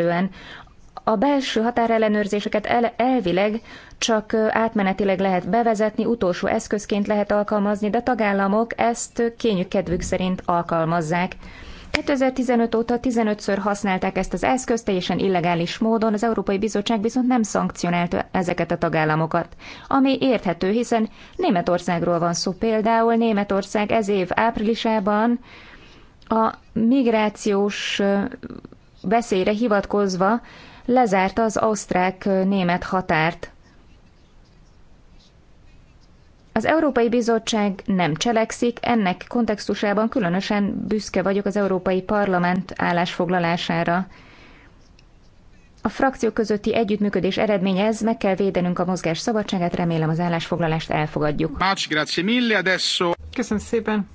illetően a belső határellenőrzéseket el, elvileg csak átmenetileg lehet bevezetni, utolsó eszközként lehet alkalmazni, de a tagállamok ezt kényük kedvük szerint alkalmazzák. 2015 óta 15-ször használták ezt az eszközt teljesen illegális módon, az Európai Bizottság viszont nem szankcionálta ezeket a tagállamokat. Ami érthető, hiszen Németországról van szó például, Németország ez év áprilisában a migrációs veszélyre hivatkozva lezárt az ausztrák-német határt. Az Európai Bizottság nem cselekszik, ennek kontextusában különösen büszke vagyok az Európai Parlament állásfoglalására. A frakciók közötti együttműködés eredménye ez, meg kell védenünk a mozgás szabadságát, remélem az állásfoglalást elfogadjuk. Köszönöm szépen!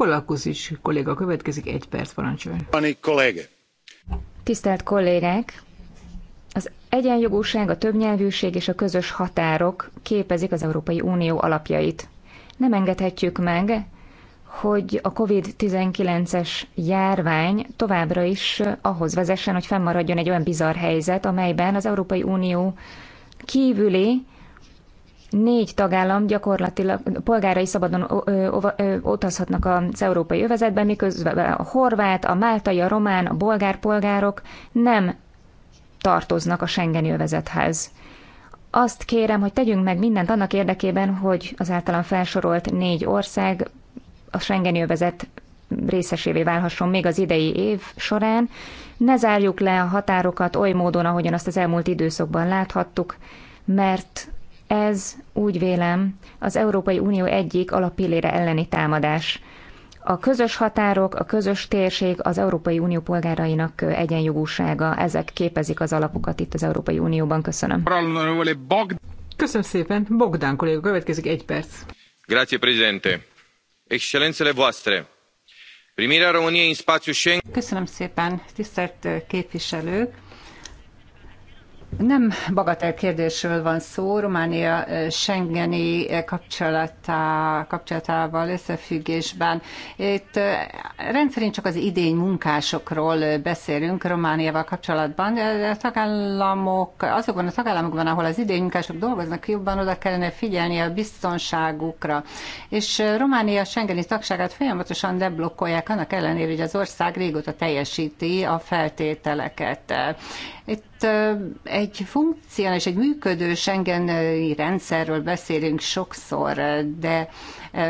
Kolakuszis kolléga következik, egy perc parancsol. Tisztelt kollégák! Az egyenjogúság, a többnyelvűség és a közös határok képezik az Európai Unió alapjait. Nem engedhetjük meg, hogy a COVID-19-es járvány továbbra is ahhoz vezessen, hogy fennmaradjon egy olyan bizarr helyzet, amelyben az Európai Unió kívüli négy tagállam gyakorlatilag polgárai szabadon utazhatnak az európai övezetben, miközben a horvát, a máltai, a román, a bolgár polgárok nem tartoznak a Schengeni övezethez. Azt kérem, hogy tegyünk meg mindent annak érdekében, hogy az általam felsorolt négy ország a Schengeni övezet részesévé válhasson még az idei év során. Ne zárjuk le a határokat oly módon, ahogyan azt az elmúlt időszakban láthattuk, mert ez úgy vélem az Európai Unió egyik alapillére elleni támadás. A közös határok, a közös térség, az Európai Unió polgárainak egyenjogúsága, ezek képezik az alapokat itt az Európai Unióban. Köszönöm. Köszönöm szépen. Bogdán kolléga, következik egy perc. Grazie, Presidente. Excellențele voastre, primirea României în spațiul Schengen... Köszönöm szépen, tisztelt képviselők. Nem bagatel kérdésről van szó, Románia Schengeni kapcsolatá, kapcsolatával összefüggésben. Itt rendszerint csak az idény munkásokról beszélünk Romániával kapcsolatban. A tagállamok, azokban a tagállamokban, ahol az idény munkások dolgoznak, jobban oda kellene figyelni a biztonságukra. És Románia Schengeni tagságát folyamatosan deblokkolják, annak ellenére, hogy az ország régóta teljesíti a feltételeket itt egy funkcionális, egy működő Schengen rendszerről beszélünk sokszor, de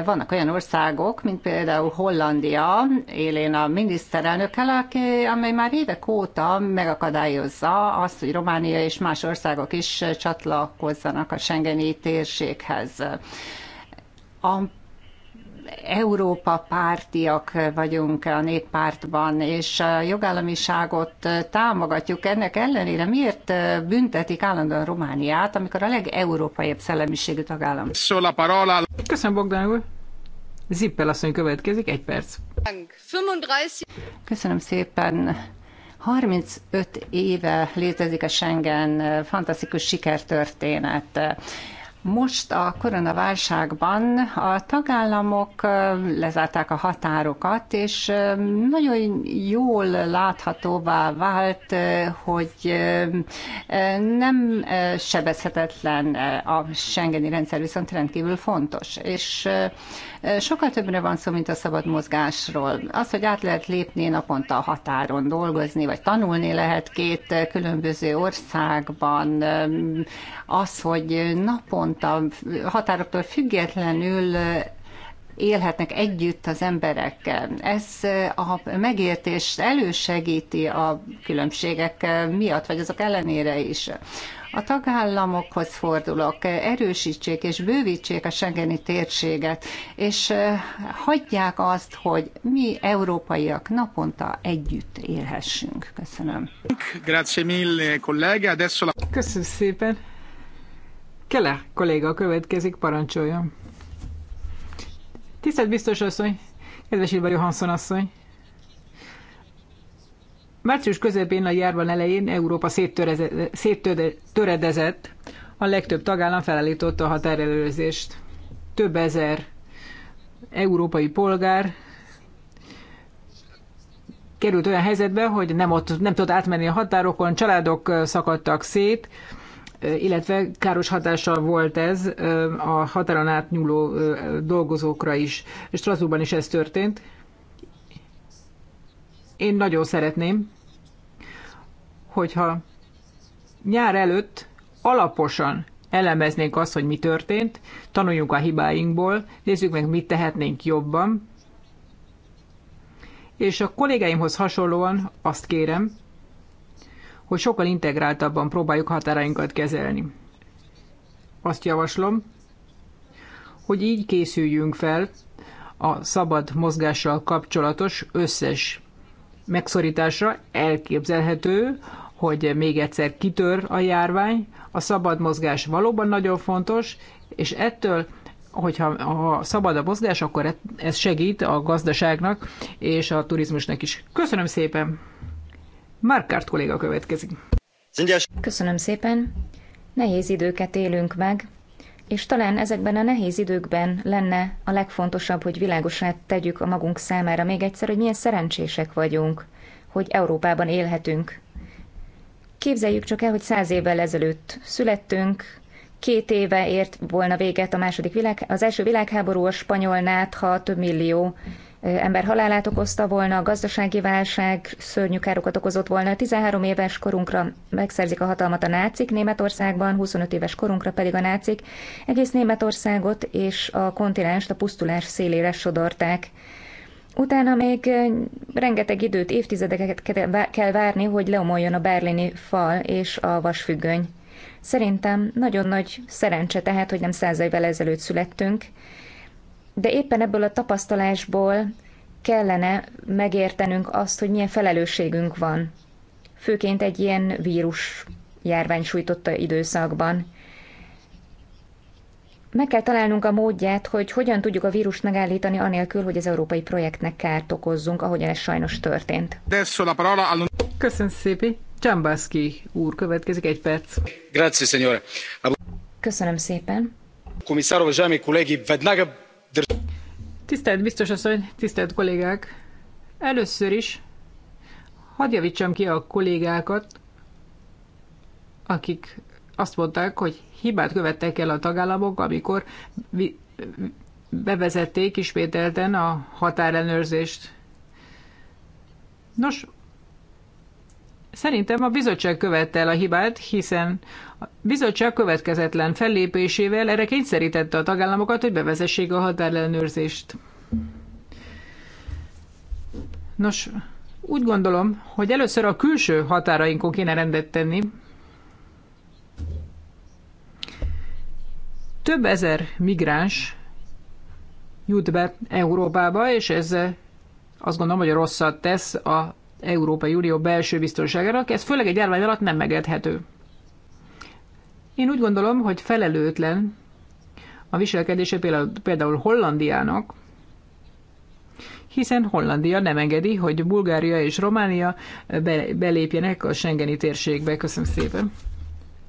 vannak olyan országok, mint például Hollandia, élén a miniszterelnök miniszterelnökkel, amely már évek óta megakadályozza azt, hogy Románia és más országok is csatlakozzanak a Schengeni térséghez. A Európa pártiak vagyunk a néppártban, és a jogállamiságot támogatjuk. Ennek ellenére miért büntetik állandóan Romániát, amikor a legeurópaiabb szellemiségű tagállam? Köszönöm, Bogdán úr! Zippel asszony következik, egy perc. Köszönöm szépen. 35 éve létezik a Schengen, fantasztikus sikertörténet. Most a koronaválságban a tagállamok lezárták a határokat, és nagyon jól láthatóvá vált, hogy nem sebezhetetlen a Schengeni rendszer, viszont rendkívül fontos. És sokkal többre van szó, mint a szabad mozgásról. Az, hogy át lehet lépni naponta a határon dolgozni, vagy tanulni lehet két különböző országban, az, hogy napon mondtam, határoktól függetlenül élhetnek együtt az emberekkel. Ez a megértést elősegíti a különbségek miatt, vagy azok ellenére is. A tagállamokhoz fordulok, erősítsék és bővítsék a Schengeni térséget, és hagyják azt, hogy mi európaiak naponta együtt élhessünk. Köszönöm. Grazie mille, collega. Adesso la... Köszönöm szépen. Keller kolléga következik, parancsoljon. Tisztelt biztos asszony, kedves Ilva Johansson asszony. Március közepén a járban elején Európa széttöredezett, a legtöbb tagállam felállította a határelőrzést. Több ezer európai polgár került olyan helyzetbe, hogy nem, ott, nem tudott átmenni a határokon, családok szakadtak szét, illetve káros hatással volt ez a határon átnyúló dolgozókra is. Strasbourgban is ez történt. Én nagyon szeretném, hogyha nyár előtt alaposan elemeznénk azt, hogy mi történt, tanuljunk a hibáinkból, nézzük meg, mit tehetnénk jobban. És a kollégáimhoz hasonlóan azt kérem, hogy sokkal integráltabban próbáljuk határainkat kezelni. Azt javaslom, hogy így készüljünk fel a szabad mozgással kapcsolatos összes megszorításra. Elképzelhető, hogy még egyszer kitör a járvány. A szabad mozgás valóban nagyon fontos, és ettől hogyha ha szabad a mozgás, akkor ez segít a gazdaságnak és a turizmusnak is. Köszönöm szépen! Márkárt kolléga következik. Köszönöm szépen. Nehéz időket élünk meg, és talán ezekben a nehéz időkben lenne a legfontosabb, hogy világosra tegyük a magunk számára még egyszer, hogy milyen szerencsések vagyunk, hogy Európában élhetünk. Képzeljük csak el, hogy száz évvel ezelőtt születtünk, két éve ért volna véget a második világ, az első világháború a spanyolnát, ha több millió ember halálát okozta volna, a gazdasági válság szörnyű károkat okozott volna. 13 éves korunkra megszerzik a hatalmat a nácik Németországban, 25 éves korunkra pedig a nácik egész Németországot és a kontinenst a pusztulás szélére sodorták. Utána még eh, rengeteg időt, évtizedeket kell várni, hogy leomoljon a berlini fal és a vasfüggöny. Szerintem nagyon nagy szerencse tehát, hogy nem száz évvel ezelőtt születtünk, de éppen ebből a tapasztalásból kellene megértenünk azt, hogy milyen felelősségünk van. Főként egy ilyen vírus járvány sújtotta időszakban. Meg kell találnunk a módját, hogy hogyan tudjuk a vírust megállítani anélkül, hogy az európai projektnek kárt okozzunk, ahogyan ez sajnos történt. Köszönöm szépen. Csambászki úr, következik egy perc. Grazie, signore. Köszönöm szépen. Komisár, kollégi, vednaga Tisztelt biztos asszony, tisztelt kollégák! Először is hadd javítsam ki a kollégákat, akik azt mondták, hogy hibát követtek el a tagállamok, amikor bevezették ismételten a határellenőrzést. Nos, Szerintem a bizottság követte el a hibát, hiszen a bizottság következetlen fellépésével erre kényszerítette a tagállamokat, hogy bevezessék a határellenőrzést. Nos, úgy gondolom, hogy először a külső határainkon kéne rendet tenni. Több ezer migráns jut be Európába, és ez eh, azt gondolom, hogy rosszat tesz a Európai Unió belső biztonságának, ez főleg egy járvány alatt nem megedhető. Én úgy gondolom, hogy felelőtlen a viselkedése például, például Hollandiának, hiszen Hollandia nem engedi, hogy Bulgária és Románia be, belépjenek a Schengeni térségbe. Köszönöm szépen.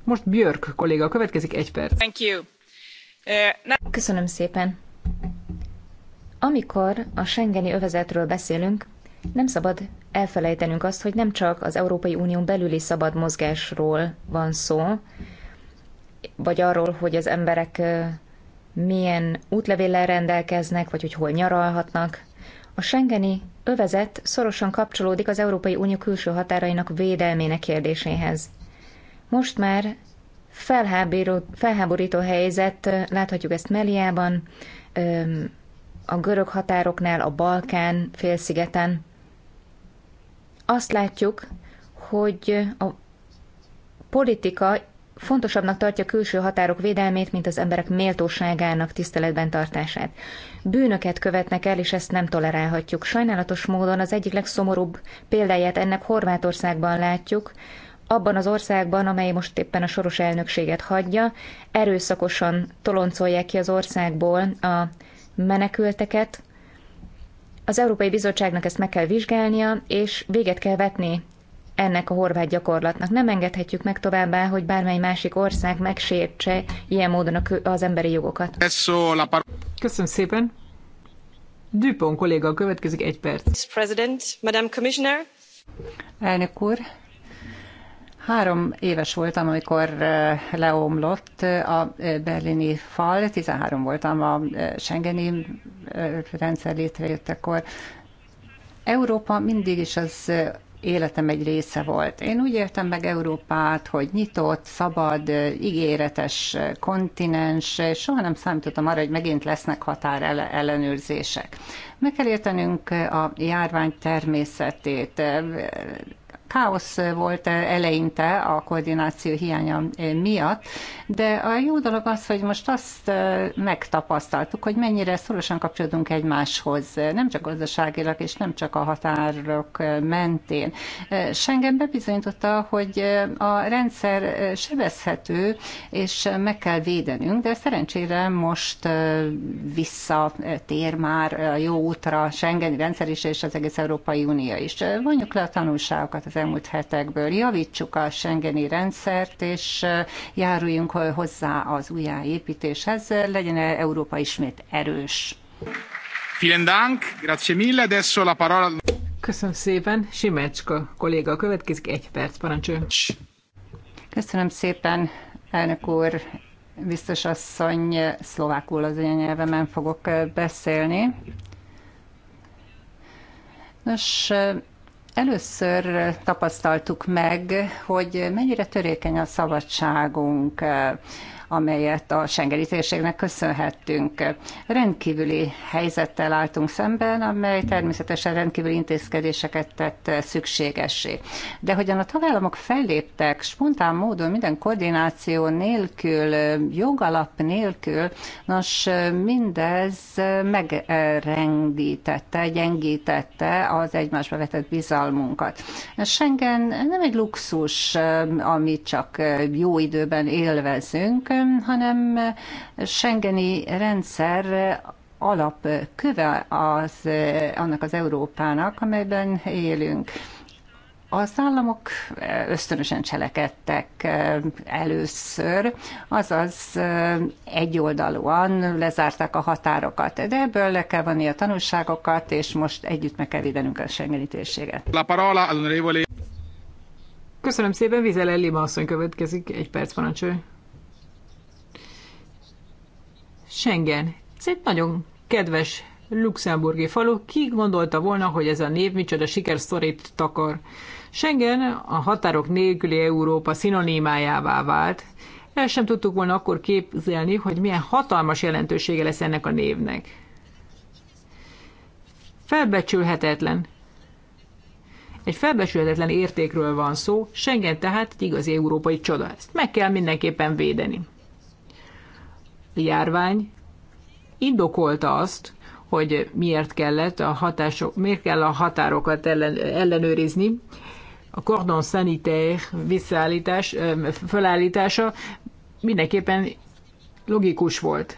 Most Björk kolléga, következik egy perc. Thank you. Uh, Köszönöm szépen. Amikor a Schengeni övezetről beszélünk, nem szabad elfelejtenünk azt, hogy nem csak az Európai Unión belüli szabad mozgásról van szó, vagy arról, hogy az emberek milyen útlevéllel rendelkeznek, vagy hogy hol nyaralhatnak. A Schengeni övezet szorosan kapcsolódik az Európai Unió külső határainak védelmének kérdéséhez. Most már felháborító helyzet, láthatjuk ezt Meliában, a görög határoknál, a Balkán félszigeten azt látjuk, hogy a politika fontosabbnak tartja külső határok védelmét, mint az emberek méltóságának tiszteletben tartását. Bűnöket követnek el, és ezt nem tolerálhatjuk. Sajnálatos módon az egyik legszomorúbb példáját ennek Horvátországban látjuk, abban az országban, amely most éppen a soros elnökséget hagyja, erőszakosan toloncolják ki az országból a menekülteket, az Európai Bizottságnak ezt meg kell vizsgálnia, és véget kell vetni ennek a horvát gyakorlatnak. Nem engedhetjük meg továbbá, hogy bármely másik ország megsértse ilyen módon az emberi jogokat. Köszönöm szépen. Dupont kolléga következik egy perc. President, Madam Commissioner. Elnök úr, Három éves voltam, amikor leomlott a berlini fal, 13 voltam a Schengeni rendszer létrejöttekor. Európa mindig is az életem egy része volt. Én úgy értem meg Európát, hogy nyitott, szabad, ígéretes kontinens, és soha nem számítottam arra, hogy megint lesznek határ ellenőrzések. Meg kell értenünk a járvány természetét, káosz volt eleinte a koordináció hiánya miatt, de a jó dolog az, hogy most azt megtapasztaltuk, hogy mennyire szorosan kapcsolódunk egymáshoz, nem csak gazdaságilag és nem csak a határok mentén. Schengen bebizonyította, hogy a rendszer sebezhető, és meg kell védenünk, de szerencsére most visszatér már a jó útra Schengeni rendszer is, és az egész Európai Unió is. Vonjuk le a tanulságokat az elmúlt hetekből. Javítsuk a Schengeni rendszert, és eh, járuljunk hozzá az újjáépítéshez, legyen -e Európa ismét erős. Vielen Dank, grazie mille, adesso la parola... Köszönöm szépen. Simecska kolléga következik, egy perc, parancsoljon. Köszönöm szépen, elnök úr, biztos asszony, szlovákul az én nyelvemen fogok eh, beszélni. Nos, eh, Először tapasztaltuk meg, hogy mennyire törékeny a szabadságunk amelyet a Schengeni térségnek köszönhettünk. Rendkívüli helyzettel álltunk szemben, amely természetesen rendkívüli intézkedéseket tett szükségessé. De hogyan a tagállamok felléptek spontán módon, minden koordináció nélkül, jogalap nélkül, nos, mindez megrendítette, gyengítette az egymásba vetett bizalmunkat. Schengen nem egy luxus, amit csak jó időben élvezünk, hanem Schengeni rendszer alapköve az, annak az Európának, amelyben élünk. Az államok ösztönösen cselekedtek eh, először, azaz eh, egyoldalúan lezárták a határokat, de ebből le kell vanni a tanulságokat, és most együtt meg kell védenünk a Schengeni térséget. La parola, Köszönöm szépen, Vizel Ellima asszony következik, egy perc parancsolj. Schengen. Ez egy nagyon kedves luxemburgi falu. Ki gondolta volna, hogy ez a név micsoda sikerszorít takar? Schengen a határok nélküli Európa szinonimájává vált. El sem tudtuk volna akkor képzelni, hogy milyen hatalmas jelentősége lesz ennek a névnek. Felbecsülhetetlen. Egy felbecsülhetetlen értékről van szó, Schengen tehát egy igazi európai csoda. Ezt meg kell mindenképpen védeni járvány indokolta azt, hogy miért kellett a hatások, miért kell a határokat ellen, ellenőrizni. A cordon sanitaire visszaállítás, felállítása mindenképpen logikus volt.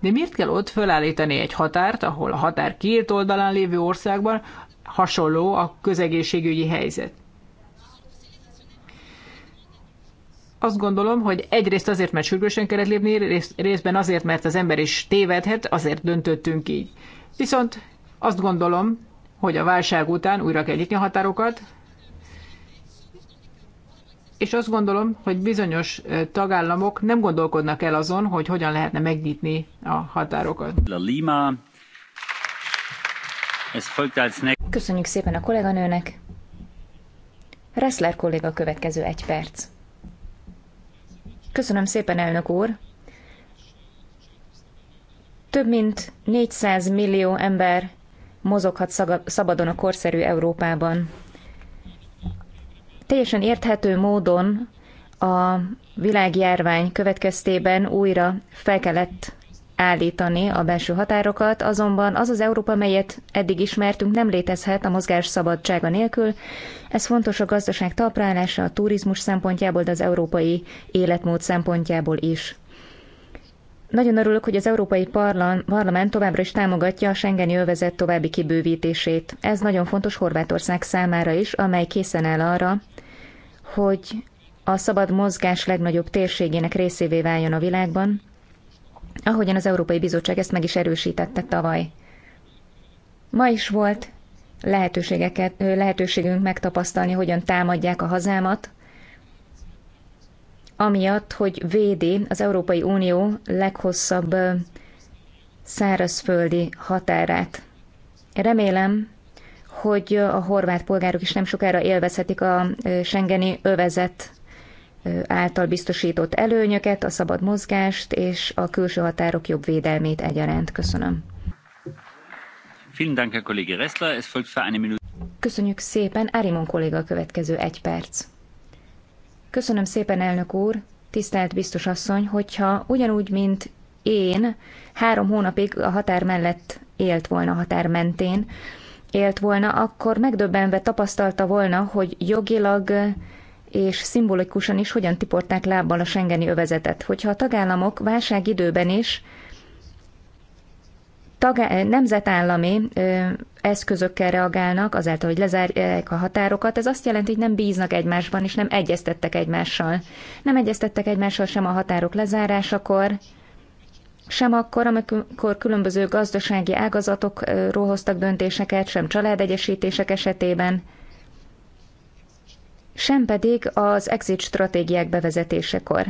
De miért kell ott felállítani egy határt, ahol a határ két oldalán lévő országban hasonló a közegészségügyi helyzet? azt gondolom, hogy egyrészt azért, mert sürgősen kellett lépni, részben azért, mert az ember is tévedhet, azért döntöttünk így. Viszont azt gondolom, hogy a válság után újra kell nyitni a határokat, és azt gondolom, hogy bizonyos tagállamok nem gondolkodnak el azon, hogy hogyan lehetne megnyitni a határokat. La Lima. Köszönjük szépen a kolléganőnek. Ressler kolléga következő egy perc. Köszönöm szépen, elnök úr! Több mint 400 millió ember mozoghat szabadon a korszerű Európában. Teljesen érthető módon a világjárvány következtében újra fel kellett állítani a belső határokat, azonban az az Európa, melyet eddig ismertünk, nem létezhet a mozgás szabadsága nélkül. Ez fontos a gazdaság talprálása, a turizmus szempontjából, de az európai életmód szempontjából is. Nagyon örülök, hogy az Európai Parlament továbbra is támogatja a Schengeni övezet további kibővítését. Ez nagyon fontos Horvátország számára is, amely készen áll arra, hogy a szabad mozgás legnagyobb térségének részévé váljon a világban, ahogyan az Európai Bizottság ezt meg is erősítette tavaly. Ma is volt lehetőségeket, lehetőségünk megtapasztalni, hogyan támadják a hazámat, amiatt, hogy védi az Európai Unió leghosszabb szárazföldi határát. Remélem, hogy a horvát polgárok is nem sokára élvezhetik a Schengeni övezet által biztosított előnyöket, a szabad mozgást és a külső határok jobb védelmét egyaránt. Köszönöm. Köszönjük szépen, Arimon kolléga a következő egy perc. Köszönöm szépen, elnök úr, tisztelt biztos asszony, hogyha ugyanúgy, mint én, három hónapig a határ mellett élt volna, határ mentén élt volna, akkor megdöbbenve tapasztalta volna, hogy jogilag és szimbolikusan is hogyan tiporták lábbal a Schengeni övezetet. Hogyha a tagállamok válságidőben is tagá- nemzetállami ö, eszközökkel reagálnak, azáltal, hogy lezárják a határokat, ez azt jelenti, hogy nem bíznak egymásban, és nem egyeztettek egymással. Nem egyeztettek egymással sem a határok lezárásakor, sem akkor, amikor különböző gazdasági ágazatokról hoztak döntéseket, sem családegyesítések esetében sem pedig az exit stratégiák bevezetésekor.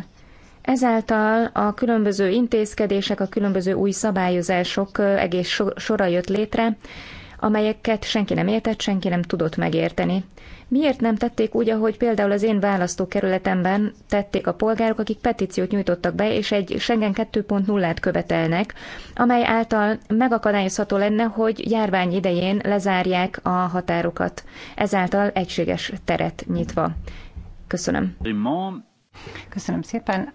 Ezáltal a különböző intézkedések, a különböző új szabályozások egész sora jött létre, amelyeket senki nem értett, senki nem tudott megérteni. Miért nem tették úgy, ahogy például az én választókerületemben tették a polgárok, akik petíciót nyújtottak be, és egy Schengen 2.0-át követelnek, amely által megakadályozható lenne, hogy járvány idején lezárják a határokat, ezáltal egységes teret nyitva. Köszönöm. Köszönöm szépen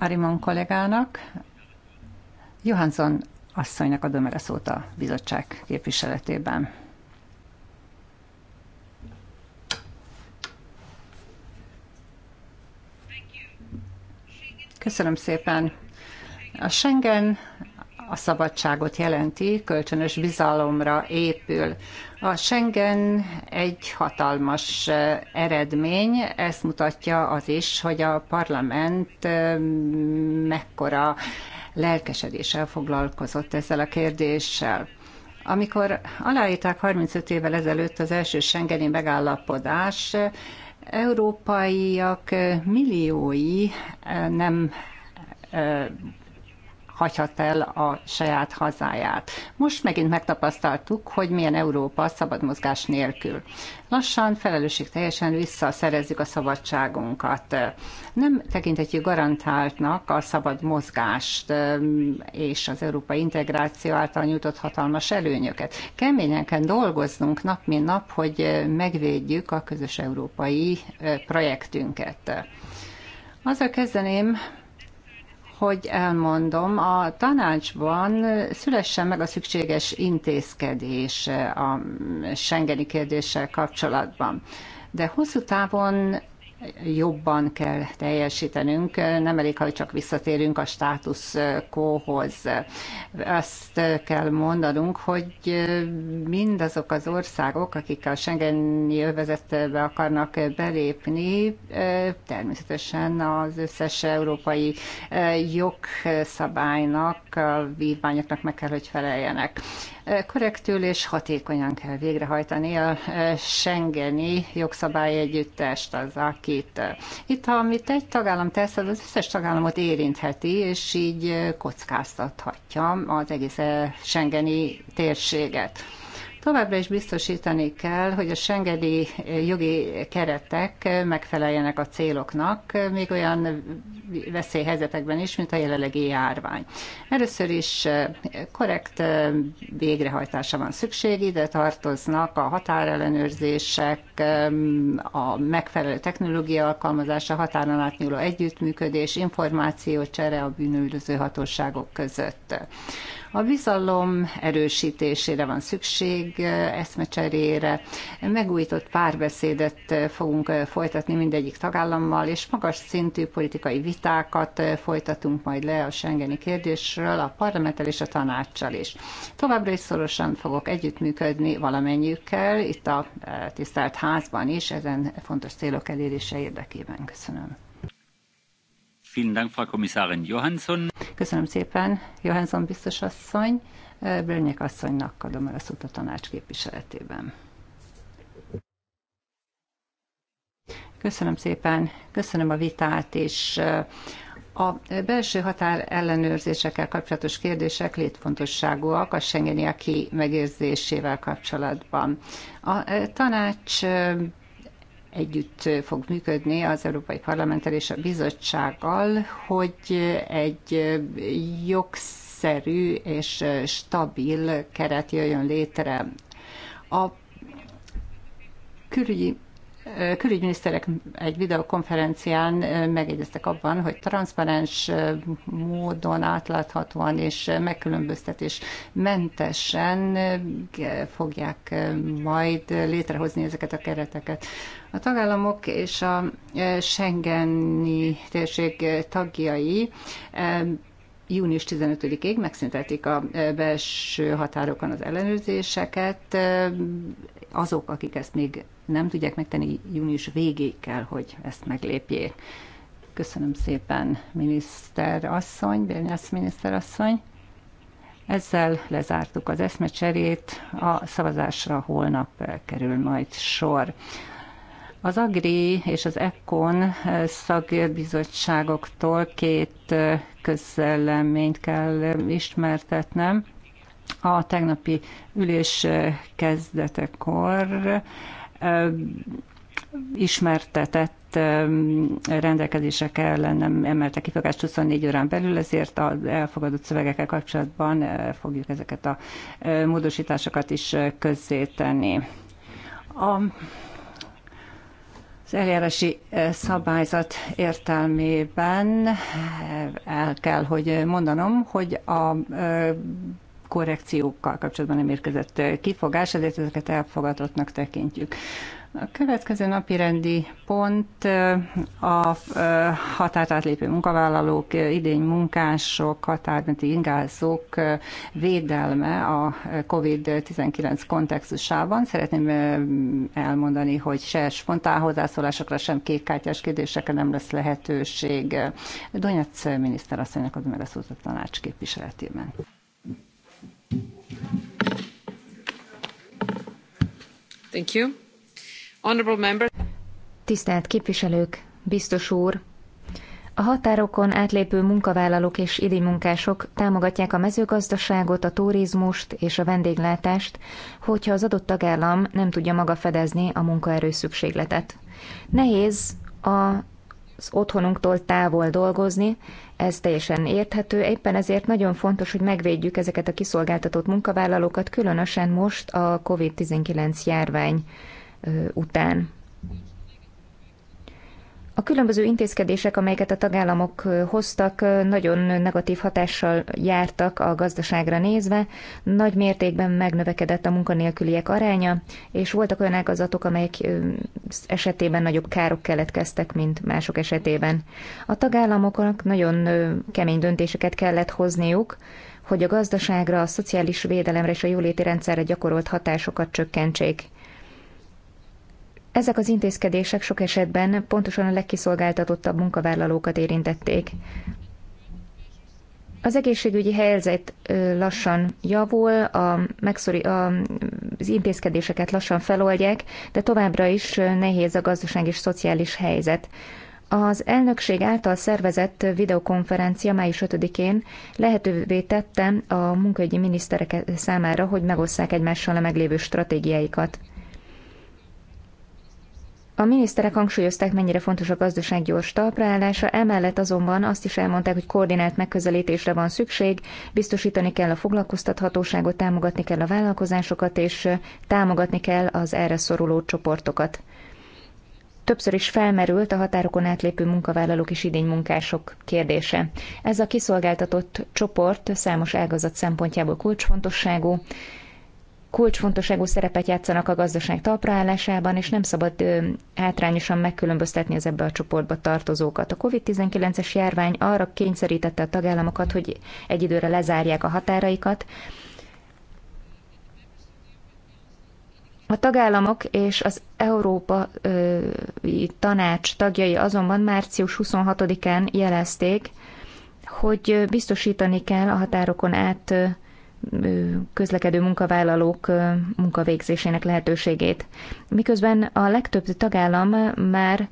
Arimon kollégának. Johansson asszonynak adom el a szót a bizottság képviseletében. Köszönöm szépen. A Schengen a szabadságot jelenti, kölcsönös bizalomra épül. A Schengen egy hatalmas eh, eredmény, ezt mutatja az is, hogy a parlament eh, mekkora lelkesedéssel foglalkozott ezzel a kérdéssel. Amikor aláírták 35 évvel ezelőtt az első Schengeni megállapodás, európaiak milliói eh, nem eh, hagyhat el a saját hazáját. Most megint megtapasztaltuk, hogy milyen Európa szabad mozgás nélkül. Lassan, felelősség teljesen visszaszerezzük a szabadságunkat. Nem tekinthetjük garantáltnak a szabad mozgást és az európai integráció által nyújtott hatalmas előnyöket. Keményen kell dolgoznunk nap mint nap, hogy megvédjük a közös európai projektünket. Azzal kezdeném, hogy elmondom, a tanácsban szülessen meg a szükséges intézkedés a Schengeni kérdéssel kapcsolatban. De hosszú távon jobban kell teljesítenünk, nem elég, ha csak visszatérünk a státusz kóhoz. Azt kell mondanunk, hogy mindazok az országok, akik a Schengeni övezetbe akarnak belépni, természetesen az összes európai jogszabálynak vívmányoknak meg kell, hogy feleljenek. Korrektül és hatékonyan kell végrehajtani a Schengeni jogszabály együttest, az akit. Itt, amit egy tagállam tesz, az az összes tagállamot érintheti, és így kockáztathatja az egész Schengeni térséget. Továbbra is biztosítani kell, hogy a Schengeni jogi keretek megfeleljenek a céloknak, még olyan veszélyhelyzetekben is, mint a jelenlegi járvány. Először is eh, korrekt eh, végrehajtása van szükség, ide tartoznak a határellenőrzések, eh, a megfelelő technológia alkalmazása, határon átnyúló együttműködés, információcsere a bűnüldöző hatóságok között. A bizalom erősítésére van szükség, eh, eszmecserére. Megújított párbeszédet eh, fogunk eh, folytatni mindegyik tagállammal, és magas szintű politikai vitákat folytatunk majd le a Schengeni kérdésről, a parlamenttel és a tanácssal is. Továbbra is szorosan fogok együttműködni valamennyiükkel, itt a tisztelt házban is, ezen fontos célok elérése érdekében. Köszönöm. Vielen Dank, Frau Kommissarin Johansson. Köszönöm szépen, Johansson biztos asszony. Brönnyek asszonynak adom el a szót a tanács képviseletében. Köszönöm szépen, köszönöm a vitát, és a belső határ ellenőrzésekkel kapcsolatos kérdések létfontosságúak a Schengeni aki megérzésével kapcsolatban. A tanács együtt fog működni az Európai Parlamenttel és a bizottsággal, hogy egy jogszerű és stabil keret jöjjön létre. A külügyi külügyminiszterek egy videokonferencián megegyeztek abban, hogy transzparens módon, átláthatóan és megkülönböztetés mentesen fogják majd létrehozni ezeket a kereteket. A tagállamok és a Schengeni térség tagjai június 15-ig megszüntetik a belső határokon az ellenőrzéseket. Azok, akik ezt még nem tudják megtenni, június végéig kell, hogy ezt meglépjék. Köszönöm szépen, miniszter asszony, Bérnyász miniszter asszony. Ezzel lezártuk az eszmecserét, a szavazásra holnap kerül majd sor. Az AGRI és az Ekon szakbizottságoktól két közleményt kell ismertetnem. A tegnapi ülés kezdetekor ismertetett rendelkezések ellen nem emelte kifogást 24 órán belül, ezért az elfogadott szövegekkel kapcsolatban fogjuk ezeket a módosításokat is közzétenni. A az eljárási szabályzat értelmében el kell, hogy mondanom, hogy a korrekciókkal kapcsolatban nem érkezett kifogás, ezért ezeket elfogadottnak tekintjük. A következő napi rendi pont a határt átlépő munkavállalók, idény munkások, határmenti ingázók védelme a COVID-19 kontextusában. Szeretném elmondani, hogy se spontán hozzászólásokra, sem kékkártyás kérdésekre nem lesz lehetőség. Donyac miniszter asszonynak adom meg a szót a tanács képviseletében. Tisztelt képviselők, biztos úr, a határokon átlépő munkavállalók és munkások támogatják a mezőgazdaságot, a turizmust és a vendéglátást, hogyha az adott tagállam nem tudja maga fedezni a munkaerő szükségletet. Nehéz a az otthonunktól távol dolgozni, ez teljesen érthető, éppen ezért nagyon fontos, hogy megvédjük ezeket a kiszolgáltatott munkavállalókat, különösen most a COVID-19 járvány után. A különböző intézkedések, amelyeket a tagállamok hoztak, nagyon negatív hatással jártak a gazdaságra nézve, nagy mértékben megnövekedett a munkanélküliek aránya, és voltak olyan ágazatok, amelyek esetében nagyobb károk keletkeztek, mint mások esetében. A tagállamoknak nagyon kemény döntéseket kellett hozniuk, hogy a gazdaságra, a szociális védelemre és a jóléti rendszerre gyakorolt hatásokat csökkentsék. Ezek az intézkedések sok esetben pontosan a legkiszolgáltatottabb munkavállalókat érintették. Az egészségügyi helyzet lassan javul, a, megszori, a, az intézkedéseket lassan feloldják, de továbbra is nehéz a gazdaság és szociális helyzet. Az elnökség által szervezett videokonferencia május 5-én lehetővé tette a munkaügyi miniszterek számára, hogy megosszák egymással a meglévő stratégiáikat. A miniszterek hangsúlyozták, mennyire fontos a gazdaság gyors talpraállása, emellett azonban azt is elmondták, hogy koordinált megközelítésre van szükség, biztosítani kell a foglalkoztathatóságot, támogatni kell a vállalkozásokat, és támogatni kell az erre szoruló csoportokat. Többször is felmerült a határokon átlépő munkavállalók és idénymunkások kérdése. Ez a kiszolgáltatott csoport számos ágazat szempontjából kulcsfontosságú, kulcsfontosságú szerepet játszanak a gazdaság talpraállásában, és nem szabad ö, hátrányosan megkülönböztetni az ebbe a csoportba tartozókat. A COVID-19-es járvány arra kényszerítette a tagállamokat, hogy egy időre lezárják a határaikat. A tagállamok és az Európai Tanács tagjai azonban március 26-án jelezték, hogy biztosítani kell a határokon át közlekedő munkavállalók munkavégzésének lehetőségét. Miközben a legtöbb tagállam már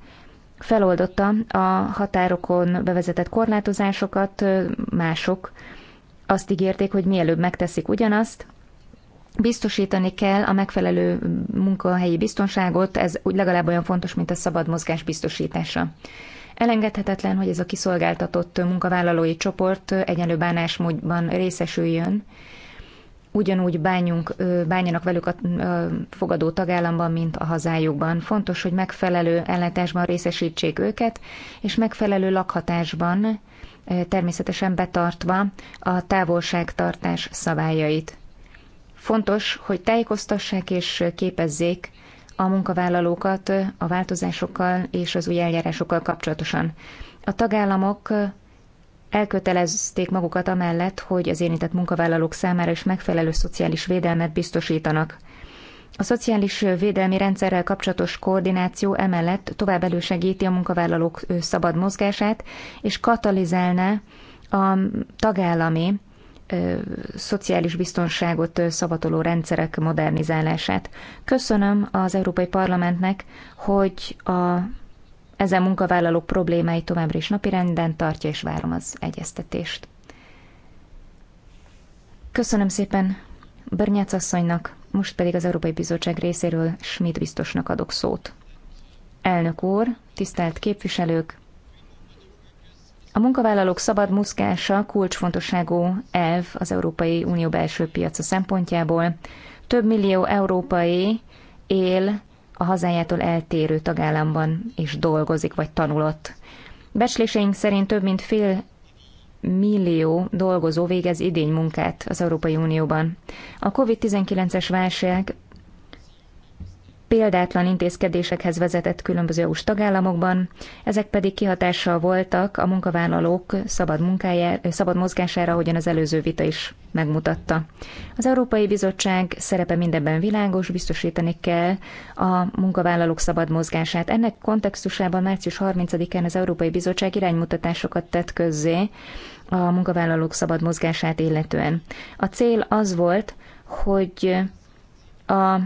feloldotta a határokon bevezetett korlátozásokat, mások azt ígérték, hogy mielőbb megteszik ugyanazt, Biztosítani kell a megfelelő munkahelyi biztonságot, ez úgy legalább olyan fontos, mint a szabad mozgás biztosítása. Elengedhetetlen, hogy ez a kiszolgáltatott munkavállalói csoport egyenlő bánásmódban részesüljön, ugyanúgy bánjunk, bánjanak velük a fogadó tagállamban, mint a hazájukban. Fontos, hogy megfelelő ellátásban részesítsék őket, és megfelelő lakhatásban, természetesen betartva a távolságtartás szabályait. Fontos, hogy tájékoztassák és képezzék a munkavállalókat a változásokkal és az új eljárásokkal kapcsolatosan. A tagállamok elkötelezték magukat amellett, hogy az érintett munkavállalók számára is megfelelő szociális védelmet biztosítanak. A szociális védelmi rendszerrel kapcsolatos koordináció emellett tovább elősegíti a munkavállalók szabad mozgását, és katalizálná a tagállami ö, szociális biztonságot szavatoló rendszerek modernizálását. Köszönöm az Európai Parlamentnek, hogy a ezen munkavállalók problémái továbbra is napirenden tartja, és várom az egyeztetést. Köszönöm szépen Börnyác asszonynak, most pedig az Európai Bizottság részéről Schmidt biztosnak adok szót. Elnök úr, tisztelt képviselők, a munkavállalók szabad mozgása kulcsfontosságú elv az Európai Unió belső piaca szempontjából. Több millió európai él a hazájától eltérő tagállamban is dolgozik vagy tanulott. Becsléseink szerint több mint fél millió dolgozó végez idény munkát az Európai Unióban. A COVID-19-es válság példátlan intézkedésekhez vezetett különböző EU-s tagállamokban, ezek pedig kihatással voltak a munkavállalók szabad, munkájára, szabad mozgására, ahogyan az előző vita is megmutatta. Az Európai Bizottság szerepe mindebben világos, biztosítani kell a munkavállalók szabad mozgását. Ennek kontextusában március 30-án az Európai Bizottság iránymutatásokat tett közzé a munkavállalók szabad mozgását illetően. A cél az volt, hogy a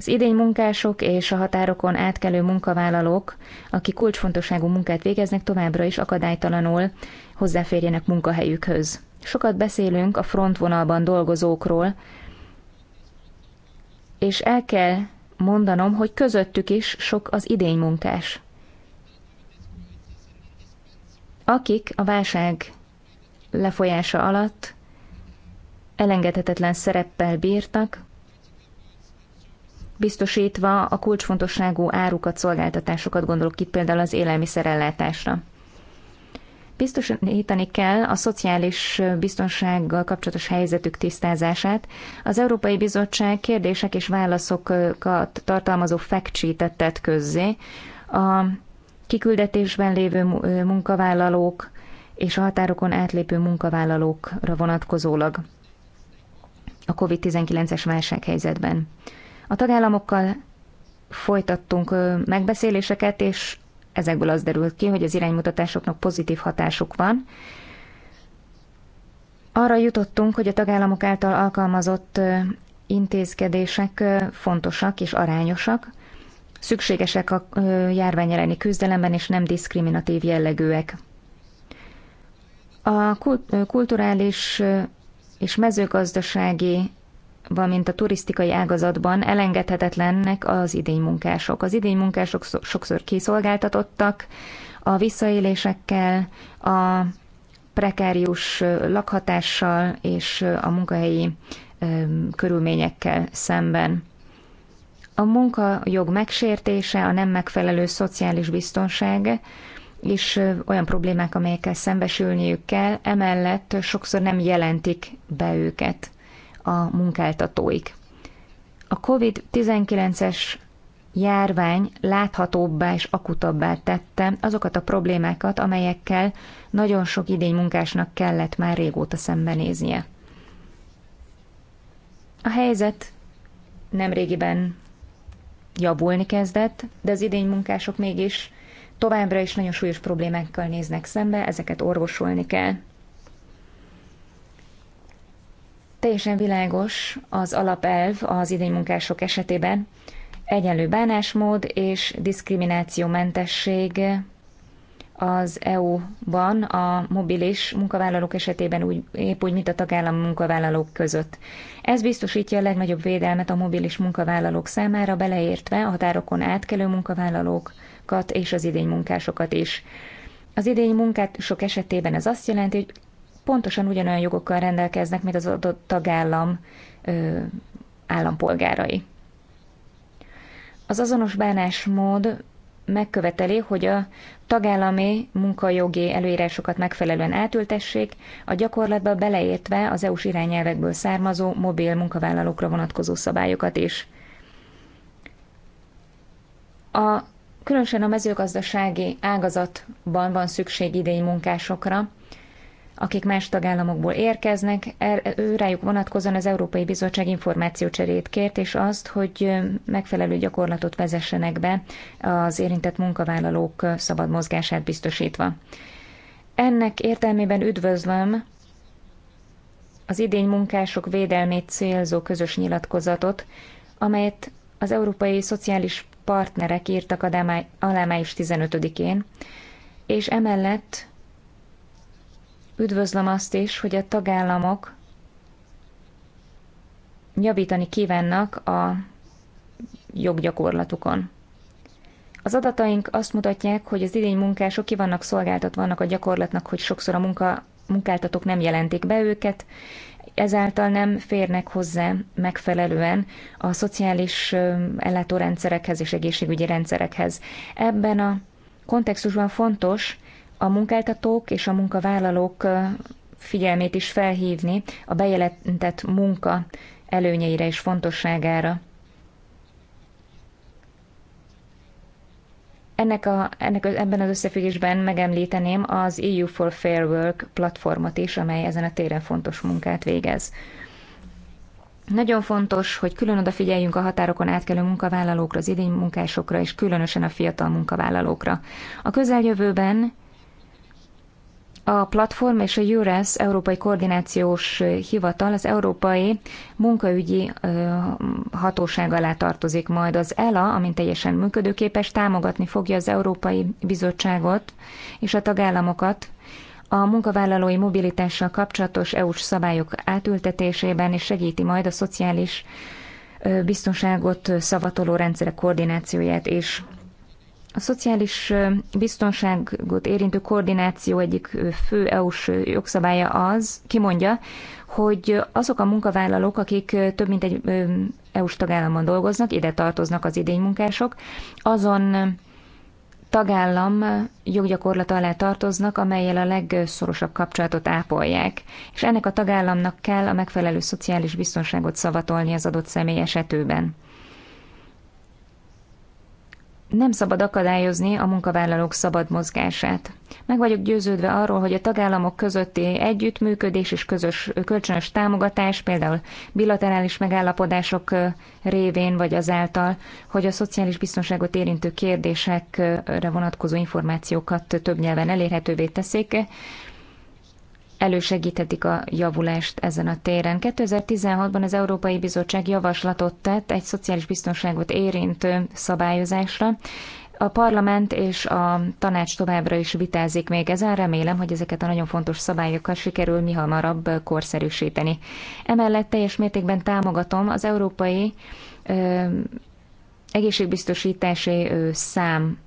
az idény munkások és a határokon átkelő munkavállalók, akik kulcsfontosságú munkát végeznek, továbbra is akadálytalanul hozzáférjenek munkahelyükhöz. Sokat beszélünk a frontvonalban dolgozókról, és el kell mondanom, hogy közöttük is sok az idény munkás, akik a válság lefolyása alatt elengedhetetlen szereppel bírtak, biztosítva a kulcsfontosságú árukat, szolgáltatásokat, gondolok itt például az élelmiszerellátásra. Biztosítani kell a szociális biztonsággal kapcsolatos helyzetük tisztázását. Az Európai Bizottság kérdések és válaszokat tartalmazó fekcsítet tett közzé. A kiküldetésben lévő munkavállalók és a határokon átlépő munkavállalókra vonatkozólag a COVID-19-es válsághelyzetben. A tagállamokkal folytattunk megbeszéléseket, és ezekből az derült ki, hogy az iránymutatásoknak pozitív hatásuk van. Arra jutottunk, hogy a tagállamok által alkalmazott intézkedések fontosak és arányosak, szükségesek a járvány elleni küzdelemben és nem diszkriminatív jellegűek. A kulturális és mezőgazdasági valamint a turisztikai ágazatban elengedhetetlennek az idénymunkások. Az idénymunkások sokszor kiszolgáltatottak a visszaélésekkel, a prekárius lakhatással és a munkahelyi körülményekkel szemben. A munkajog megsértése, a nem megfelelő szociális biztonság és olyan problémák, amelyekkel szembesülniük kell, emellett sokszor nem jelentik be őket a munkáltatóik. A COVID-19-es járvány láthatóbbá és akutabbá tette azokat a problémákat, amelyekkel nagyon sok idény munkásnak kellett már régóta szembenéznie. A helyzet nemrégiben javulni kezdett, de az idény munkások mégis továbbra is nagyon súlyos problémákkal néznek szembe, ezeket orvosolni kell. Teljesen világos az alapelv az idénymunkások esetében, egyenlő bánásmód és diszkriminációmentesség az EU-ban a mobilis munkavállalók esetében úgy, épp úgy, mint a tagállam munkavállalók között. Ez biztosítja a legnagyobb védelmet a mobilis munkavállalók számára, beleértve a határokon átkelő munkavállalókat és az idénymunkásokat is. Az sok esetében ez azt jelenti, hogy pontosan ugyanolyan jogokkal rendelkeznek, mint az adott tagállam ö, állampolgárai. Az azonos bánásmód megköveteli, hogy a tagállami munkajogi előírásokat megfelelően átültessék, a gyakorlatba beleértve az EU-s irányelvekből származó mobil munkavállalókra vonatkozó szabályokat is. A, különösen a mezőgazdasági ágazatban van szükség idény munkásokra, akik más tagállamokból érkeznek, er, rájuk vonatkozóan az Európai Bizottság információcserét kért, és azt, hogy megfelelő gyakorlatot vezessenek be az érintett munkavállalók szabad mozgását biztosítva. Ennek értelmében üdvözlöm az idény munkások védelmét célzó közös nyilatkozatot, amelyet az európai szociális partnerek írtak alá május 15-én, és emellett Üdvözlöm azt is, hogy a tagállamok javítani kívánnak a joggyakorlatukon. Az adataink azt mutatják, hogy az idény munkások ki vannak szolgáltatva annak a gyakorlatnak, hogy sokszor a munka, munkáltatók nem jelentik be őket, ezáltal nem férnek hozzá megfelelően a szociális ellátórendszerekhez és egészségügyi rendszerekhez. Ebben a kontextusban fontos, a munkáltatók és a munkavállalók figyelmét is felhívni a bejelentett munka előnyeire és fontosságára. Ennek a, ennek, ebben az összefüggésben megemlíteném az EU for Fair Work platformot is, amely ezen a téren fontos munkát végez. Nagyon fontos, hogy külön odafigyeljünk a határokon átkelő munkavállalókra, az idénymunkásokra és különösen a fiatal munkavállalókra. A közeljövőben a platform és a EURES Európai Koordinációs Hivatal az Európai Munkaügyi Hatóság alá tartozik majd. Az ELA, amint teljesen működőképes, támogatni fogja az Európai Bizottságot és a tagállamokat a munkavállalói mobilitással kapcsolatos EU-s szabályok átültetésében, és segíti majd a szociális biztonságot szavatoló rendszerek koordinációját is. A szociális biztonságot érintő koordináció egyik fő EU-s jogszabálya az, kimondja, hogy azok a munkavállalók, akik több mint egy EU-s tagállamban dolgoznak, ide tartoznak az idénymunkások, azon tagállam joggyakorlata alá tartoznak, amelyel a legszorosabb kapcsolatot ápolják, és ennek a tagállamnak kell a megfelelő szociális biztonságot szavatolni az adott személy esetében nem szabad akadályozni a munkavállalók szabad mozgását. Meg vagyok győződve arról, hogy a tagállamok közötti együttműködés és közös kölcsönös támogatás, például bilaterális megállapodások révén, vagy azáltal, hogy a szociális biztonságot érintő kérdésekre vonatkozó információkat több nyelven elérhetővé teszik, elősegíthetik a javulást ezen a téren. 2016-ban az Európai Bizottság javaslatot tett egy szociális biztonságot érintő szabályozásra. A parlament és a tanács továbbra is vitázik még ezen, remélem, hogy ezeket a nagyon fontos szabályokat sikerül mi hamarabb korszerűsíteni. Emellett teljes mértékben támogatom az európai ö, egészségbiztosítási ö, szám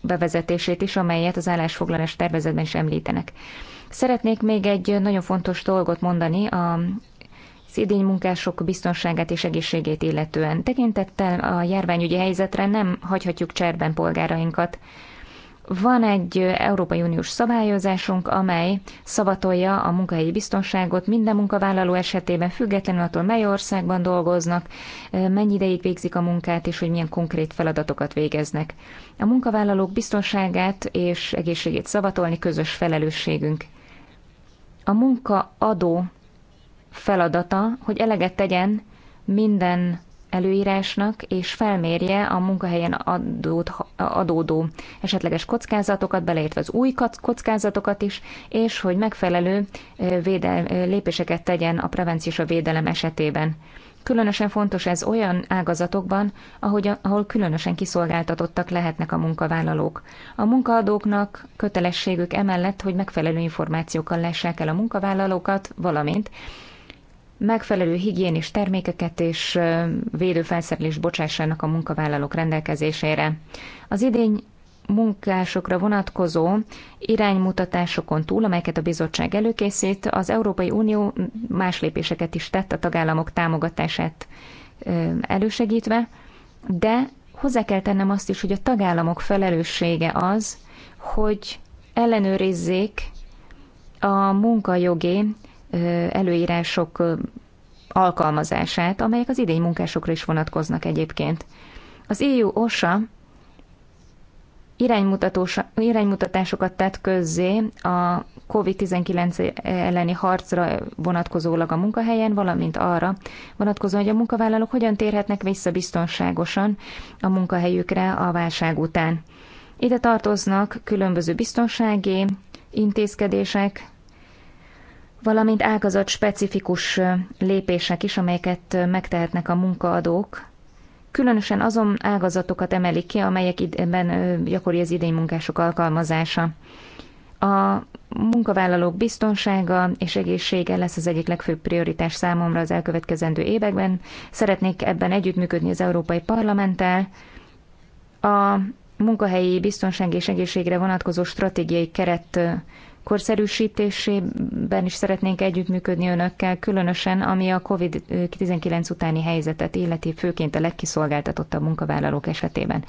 bevezetését is, amelyet az állásfoglalás tervezetben is említenek. Szeretnék még egy nagyon fontos dolgot mondani a szidény munkások biztonságát és egészségét illetően. Tekintettel a járványügyi helyzetre nem hagyhatjuk cserben polgárainkat. Van egy Európai Uniós szabályozásunk, amely szavatolja a munkahelyi biztonságot minden munkavállaló esetében, függetlenül attól, mely országban dolgoznak, mennyi ideig végzik a munkát, és hogy milyen konkrét feladatokat végeznek. A munkavállalók biztonságát és egészségét szavatolni közös felelősségünk. A munka adó feladata, hogy eleget tegyen minden előírásnak, és felmérje a munkahelyen adód, adódó esetleges kockázatokat, beleértve az új kockázatokat is, és hogy megfelelő védel, lépéseket tegyen a prevenció és a védelem esetében. Különösen fontos ez olyan ágazatokban, ahogy, ahol különösen kiszolgáltatottak lehetnek a munkavállalók. A munkaadóknak kötelességük emellett, hogy megfelelő információkkal lássák el a munkavállalókat, valamint megfelelő higiénis termékeket és védőfelszerelést bocsássanak a munkavállalók rendelkezésére. Az idény munkásokra vonatkozó iránymutatásokon túl, amelyeket a bizottság előkészít, az Európai Unió más lépéseket is tett a tagállamok támogatását elősegítve, de hozzá kell tennem azt is, hogy a tagállamok felelőssége az, hogy ellenőrizzék a munkajogi előírások alkalmazását, amelyek az idény munkásokra is vonatkoznak egyébként. Az EU OSA iránymutatásokat tett közzé a COVID-19 elleni harcra vonatkozólag a munkahelyen, valamint arra vonatkozóan, hogy a munkavállalók hogyan térhetnek vissza biztonságosan a munkahelyükre a válság után. Ide tartoznak különböző biztonsági intézkedések, valamint ágazat specifikus lépések is, amelyeket megtehetnek a munkaadók különösen azon ágazatokat emelik ki, amelyek ebben gyakori az idény munkások alkalmazása. A munkavállalók biztonsága és egészsége lesz az egyik legfőbb prioritás számomra az elkövetkezendő években. Szeretnék ebben együttműködni az Európai Parlamenttel. A munkahelyi biztonság és egészségre vonatkozó stratégiai keret korszerűsítésében is szeretnénk együttműködni önökkel, különösen ami a COVID-19 utáni helyzetet illeti, főként a legkiszolgáltatottabb munkavállalók esetében.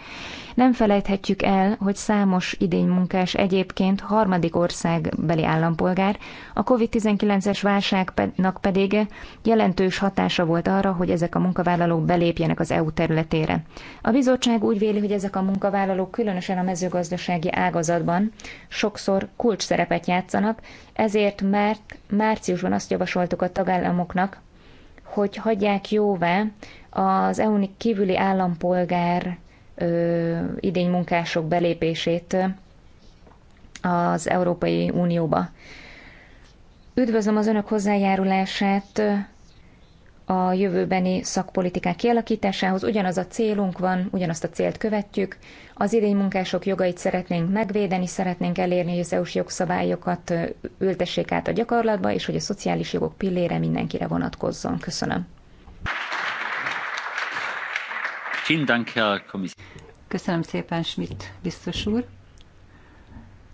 Nem felejthetjük el, hogy számos idénymunkás egyébként harmadik országbeli állampolgár, a COVID-19-es válságnak pedig jelentős hatása volt arra, hogy ezek a munkavállalók belépjenek az EU területére. A bizottság úgy véli, hogy ezek a munkavállalók különösen a mezőgazdasági ágazatban sokszor kulcs szerepet játszanak, ezért mert márciusban azt javasoltuk a tagállamoknak, hogy hagyják jóvá az EU-n kívüli állampolgár idény munkások belépését az Európai Unióba. Üdvözlöm az önök hozzájárulását a jövőbeni szakpolitikák kialakításához. Ugyanaz a célunk van, ugyanazt a célt követjük. Az idénymunkások jogait szeretnénk megvédeni, szeretnénk elérni, hogy az EU-s jogszabályokat ültessék át a gyakorlatba, és hogy a szociális jogok pillére mindenkire vonatkozzon. Köszönöm. Köszönöm szépen, Schmidt biztos úr.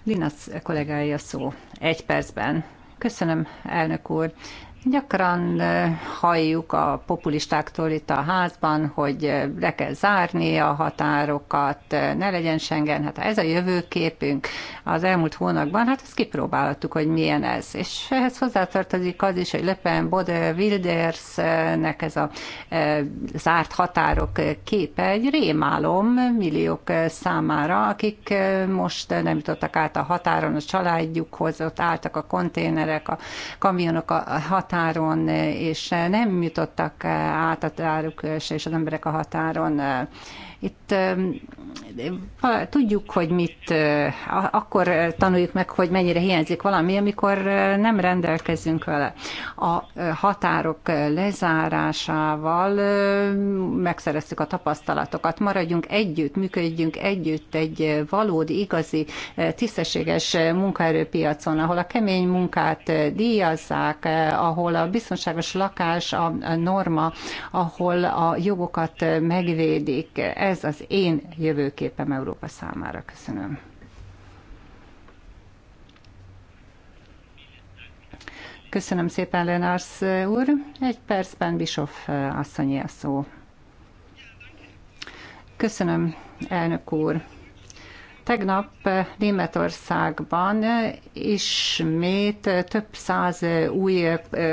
Linasz kollégája szó. Egy percben. Köszönöm, elnök úr. Gyakran eh, halljuk a populistáktól itt a házban, hogy eh, le kell zárni a határokat, eh, ne legyen Schengen, hát ez a jövőképünk az elmúlt hónapban, hát ezt kipróbálhattuk, hogy milyen ez. És ehhez hozzátartozik az is, hogy Le Pen, Bode, Wildersnek ez a zárt határok képe egy rémálom milliók számára, akik most nem jutottak át a határon a családjukhoz, ott álltak a konténerek, a kamionok a határon, határon, és nem jutottak át a áruk és az emberek a határon. Itt tudjuk, hogy mit, akkor tanuljuk meg, hogy mennyire hiányzik valami, amikor nem rendelkezünk vele. A határok lezárásával megszereztük a tapasztalatokat, maradjunk együtt, működjünk együtt egy valódi, igazi, tisztességes munkaerőpiacon, ahol a kemény munkát díjazzák, ahol a biztonságos lakás a norma, ahol a jogokat megvédik ez az én jövőképem Európa számára. Köszönöm. Köszönöm szépen, Lenars úr. Egy percben Bischoff asszonyi a szó. Köszönöm, elnök úr. Tegnap eh, Németországban eh, ismét eh, több száz új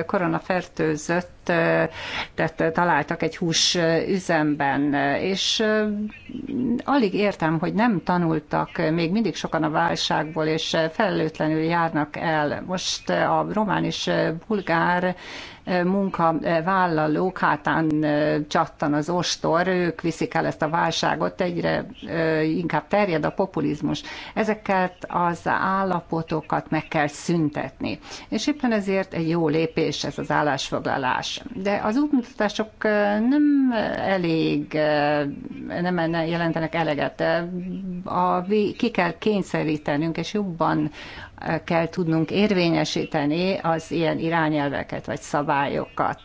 koronafertőzött tehát találtak egy hús üzemben, és alig értem, hogy nem tanultak még mindig sokan a válságból, és felelőtlenül járnak el. Most a román és bulgár munkavállalók hátán csattan az ostor, ők viszik el ezt a válságot, egyre inkább terjed a populizmus. Ezeket az állapotokat meg kell szüntetni. És éppen ezért egy jó lépés ez az állásfoglalás. De az útmutatások nem elég, nem jelentenek eleget. A, ki kell kényszerítenünk, és jobban kell tudnunk érvényesíteni az ilyen irányelveket vagy szabályokat.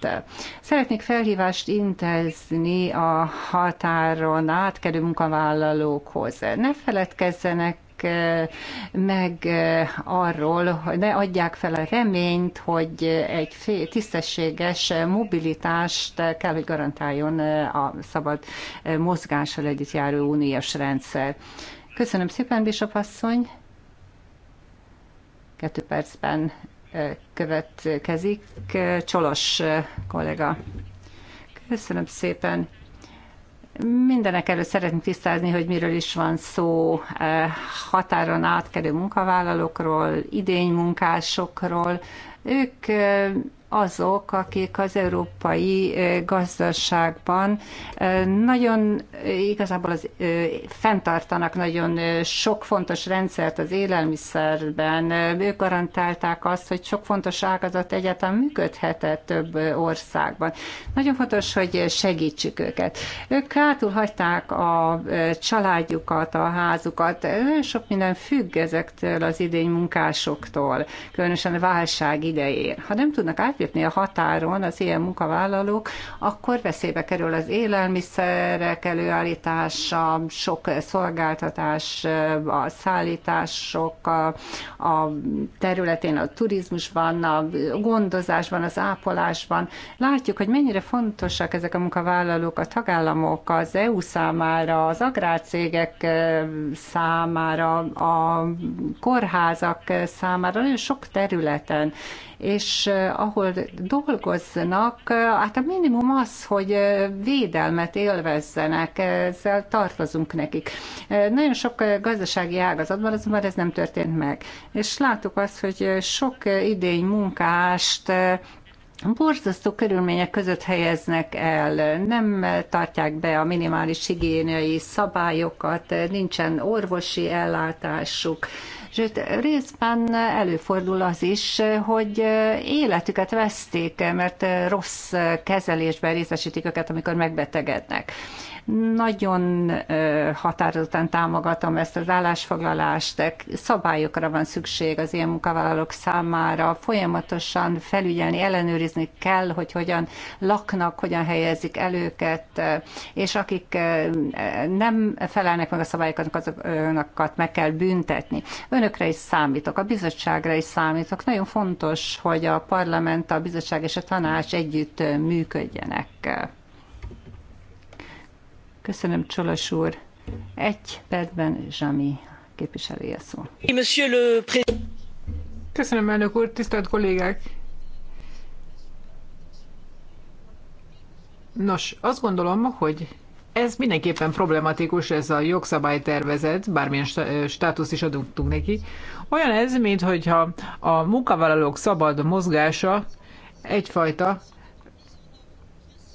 Szeretnék felhívást intézni a határon átkerül munkavállalókhoz. Ne feledkezzenek eh, meg eh, arról, hogy ne adják fel a reményt, hogy egy tisztességes mobilitást kell, hogy garantáljon eh, a szabad mozgással együtt járó uniós rendszer. Köszönöm szépen, Bisop asszony! kettő percben következik. Csolos kollega. Köszönöm szépen. Mindenek előtt szeretnénk tisztázni, hogy miről is van szó határon átkerő munkavállalókról, idénymunkásokról. Ők azok, akik az európai gazdaságban nagyon igazából az, fenntartanak nagyon sok fontos rendszert az élelmiszerben. Ők garantálták azt, hogy sok fontos ágazat egyáltalán működhetett több országban. Nagyon fontos, hogy segítsük őket. Ők hátul hagyták a családjukat, a házukat. Nagyon sok minden függ ezektől az idény munkásoktól, különösen a válság idején. Ha nem tudnak át átlépni a határon az ilyen munkavállalók, akkor veszélybe kerül az élelmiszerek előállítása, sok szolgáltatás, a szállítások, a, a területén, a turizmusban, a gondozásban, az ápolásban. Látjuk, hogy mennyire fontosak ezek a munkavállalók a tagállamok az EU számára, az agrárcégek számára, a kórházak számára, nagyon sok területen és eh, ahol dolgoznak, hát a minimum az, hogy eh, védelmet élvezzenek, ezzel tartozunk nekik. Eh, nagyon sok gazdasági ágazatban azonban ez nem történt meg. És láttuk azt, hogy sok idény munkást borzasztó körülmények között helyeznek el, nem tartják be a minimális higiéniai szabályokat, nincsen orvosi ellátásuk, Sőt, részben előfordul az is, hogy életüket veszték, mert rossz kezelésben részesítik őket, amikor megbetegednek. Nagyon határozottan támogatom ezt az állásfoglalást. Szabályokra van szükség az ilyen munkavállalók számára. Folyamatosan felügyelni, ellenőrizni kell, hogy hogyan laknak, hogyan helyezik el őket, és akik nem felelnek meg a szabályoknak, azokat meg kell büntetni. Önökre is számítok, a bizottságra is számítok. Nagyon fontos, hogy a parlament, a bizottság és a tanács együtt működjenek. Köszönöm, Csolos úr. Egy percben Zsami képviselője szó. Köszönöm, elnök úr, tisztelt kollégák! Nos, azt gondolom, hogy ez mindenképpen problematikus, ez a jogszabálytervezet, bármilyen státusz is adunk neki. Olyan ez, mint a munkavállalók szabad mozgása egyfajta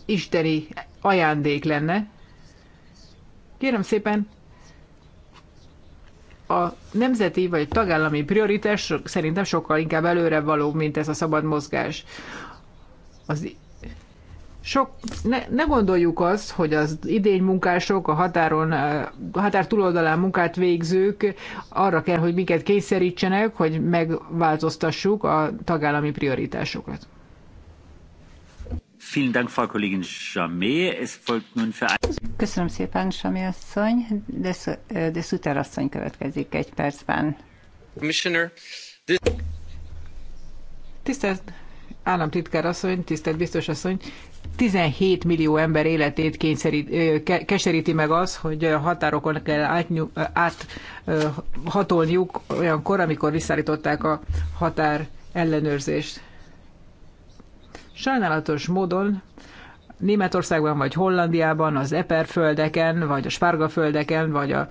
isteni ajándék lenne, Kérem szépen, a nemzeti vagy tagállami prioritás szerintem sokkal inkább előre való, mint ez a szabad mozgás. Az sok, ne, ne gondoljuk azt, hogy az idény munkások, a határon, a határ túloldalán munkát végzők arra kell, hogy minket kényszerítsenek, hogy megváltoztassuk a tagállami prioritásokat. Köszönöm szépen, Sami asszony. De, de Suter asszony következik egy percben. Commissioner, this... Tisztelt államtitkár asszony, tisztelt biztos asszony, 17 millió ember életét kényszerít, keseríti meg az, hogy a határokon kell áthatolniuk olyankor, amikor visszaállították a határ ellenőrzést. Sajnálatos módon Németországban vagy Hollandiában, az eperföldeken, vagy a spárgaföldeken, vagy a,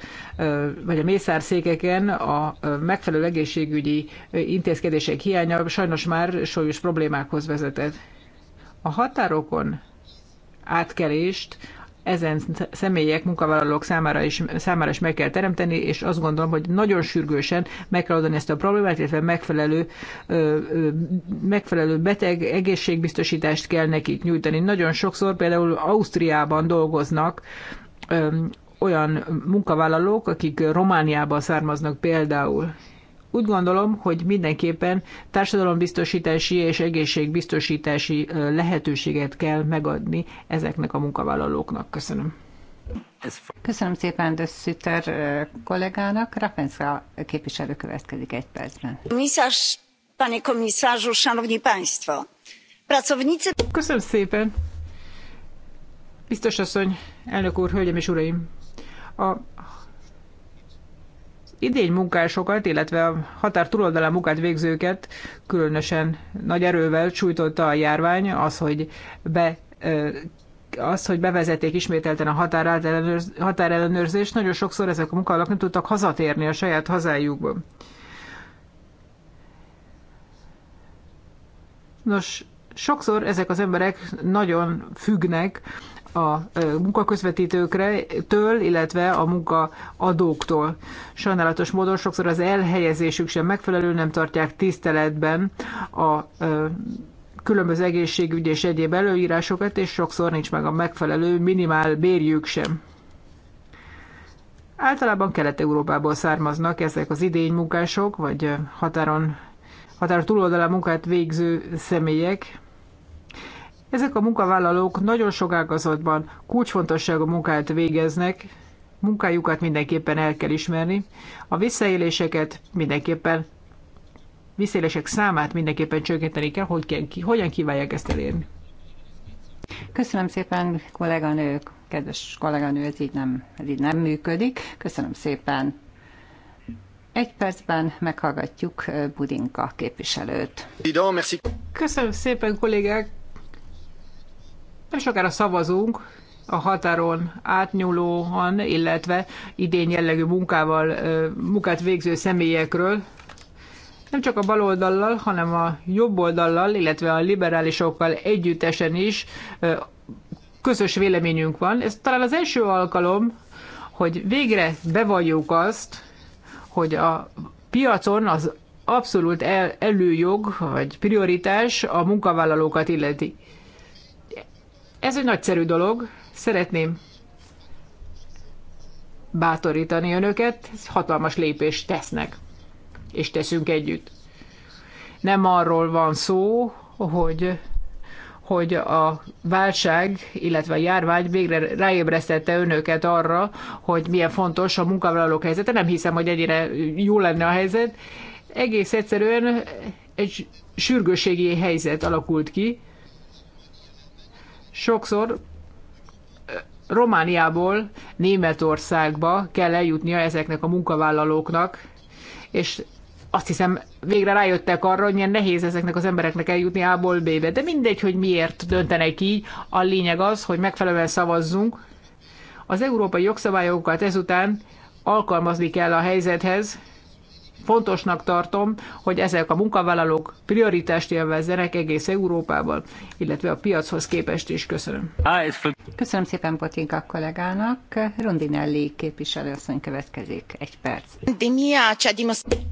vagy a mészárszékeken a megfelelő egészségügyi intézkedések hiánya sajnos már súlyos problémákhoz vezetett. A határokon átkelést ezen személyek, munkavállalók számára is, számára is meg kell teremteni, és azt gondolom, hogy nagyon sürgősen meg kell adni ezt a problémát, illetve megfelelő, ö, ö, megfelelő beteg egészségbiztosítást kell nekik nyújtani. Nagyon sokszor például Ausztriában dolgoznak ö, olyan munkavállalók, akik Romániában származnak például, úgy gondolom, hogy mindenképpen társadalombiztosítási és egészségbiztosítási lehetőséget kell megadni ezeknek a munkavállalóknak. Köszönöm. Köszönöm szépen de Szüter kollégának. Rapenszka képviselő következik egy percben. Komisarz, panie komisarzu, szanowni państwo. Pracownicy... Köszönöm szépen. Biztos asszony, elnök úr, hölgyem és uraim. A idény munkásokat, illetve a határ túloldalán munkát végzőket különösen nagy erővel csújtotta a járvány az, hogy be az, hogy bevezették ismételten a határellenőrzést, nagyon sokszor ezek a munkavállalók nem tudtak hazatérni a saját hazájukba. Nos, sokszor ezek az emberek nagyon függnek a munkaközvetítőktől, illetve a munkaadóktól. Sajnálatos módon sokszor az elhelyezésük sem megfelelő, nem tartják tiszteletben a különböző egészségügyi és egyéb előírásokat, és sokszor nincs meg a megfelelő minimál bérjük sem. Általában Kelet-Európából származnak ezek az idénymunkások, vagy határon, határ túloldalán munkát végző személyek, ezek a munkavállalók nagyon sok ágazatban kulcsfontosságú munkát végeznek, munkájukat mindenképpen el kell ismerni, a visszaéléseket mindenképpen visszaélések számát mindenképpen csökkenteni kell, hogy ki, hogyan kívánják ezt elérni. Köszönöm szépen, kolléganők, kedves kolléganő, ez így nem, ez így nem működik. Köszönöm szépen. Egy percben meghallgatjuk eh, Budinka képviselőt. Köszönöm szépen, kollégák! Nem sokára szavazunk a határon átnyúlóan, illetve idén jellegű munkával, munkát végző személyekről, nem csak a baloldallal, hanem a jobb oldallal, illetve a liberálisokkal együttesen is közös véleményünk van. Ez talán az első alkalom, hogy végre bevalljuk azt, hogy a piacon az abszolút el, előjog vagy prioritás a munkavállalókat illeti. Ez egy nagyszerű dolog, szeretném bátorítani önöket, hatalmas lépést tesznek, és teszünk együtt. Nem arról van szó, hogy hogy a válság, illetve a járvány végre ráébresztette önöket arra, hogy milyen fontos a munkavállalók helyzete. Nem hiszem, hogy ennyire jó lenne a helyzet. Egész egyszerűen egy sürgőségi helyzet alakult ki, sokszor Romániából Németországba kell eljutnia ezeknek a munkavállalóknak, és azt hiszem végre rájöttek arra, hogy milyen nehéz ezeknek az embereknek eljutni A-ból B-be. De mindegy, hogy miért döntenek így, a lényeg az, hogy megfelelően szavazzunk. Az európai jogszabályokat ezután alkalmazni kell a helyzethez, Fontosnak tartom, hogy ezek a munkavállalók prioritást élvezzenek egész Európában, illetve a piachoz képest is. Köszönöm. Köszönöm szépen Botinka kollégának. Rondinelli képviselőasszony következik. Egy perc.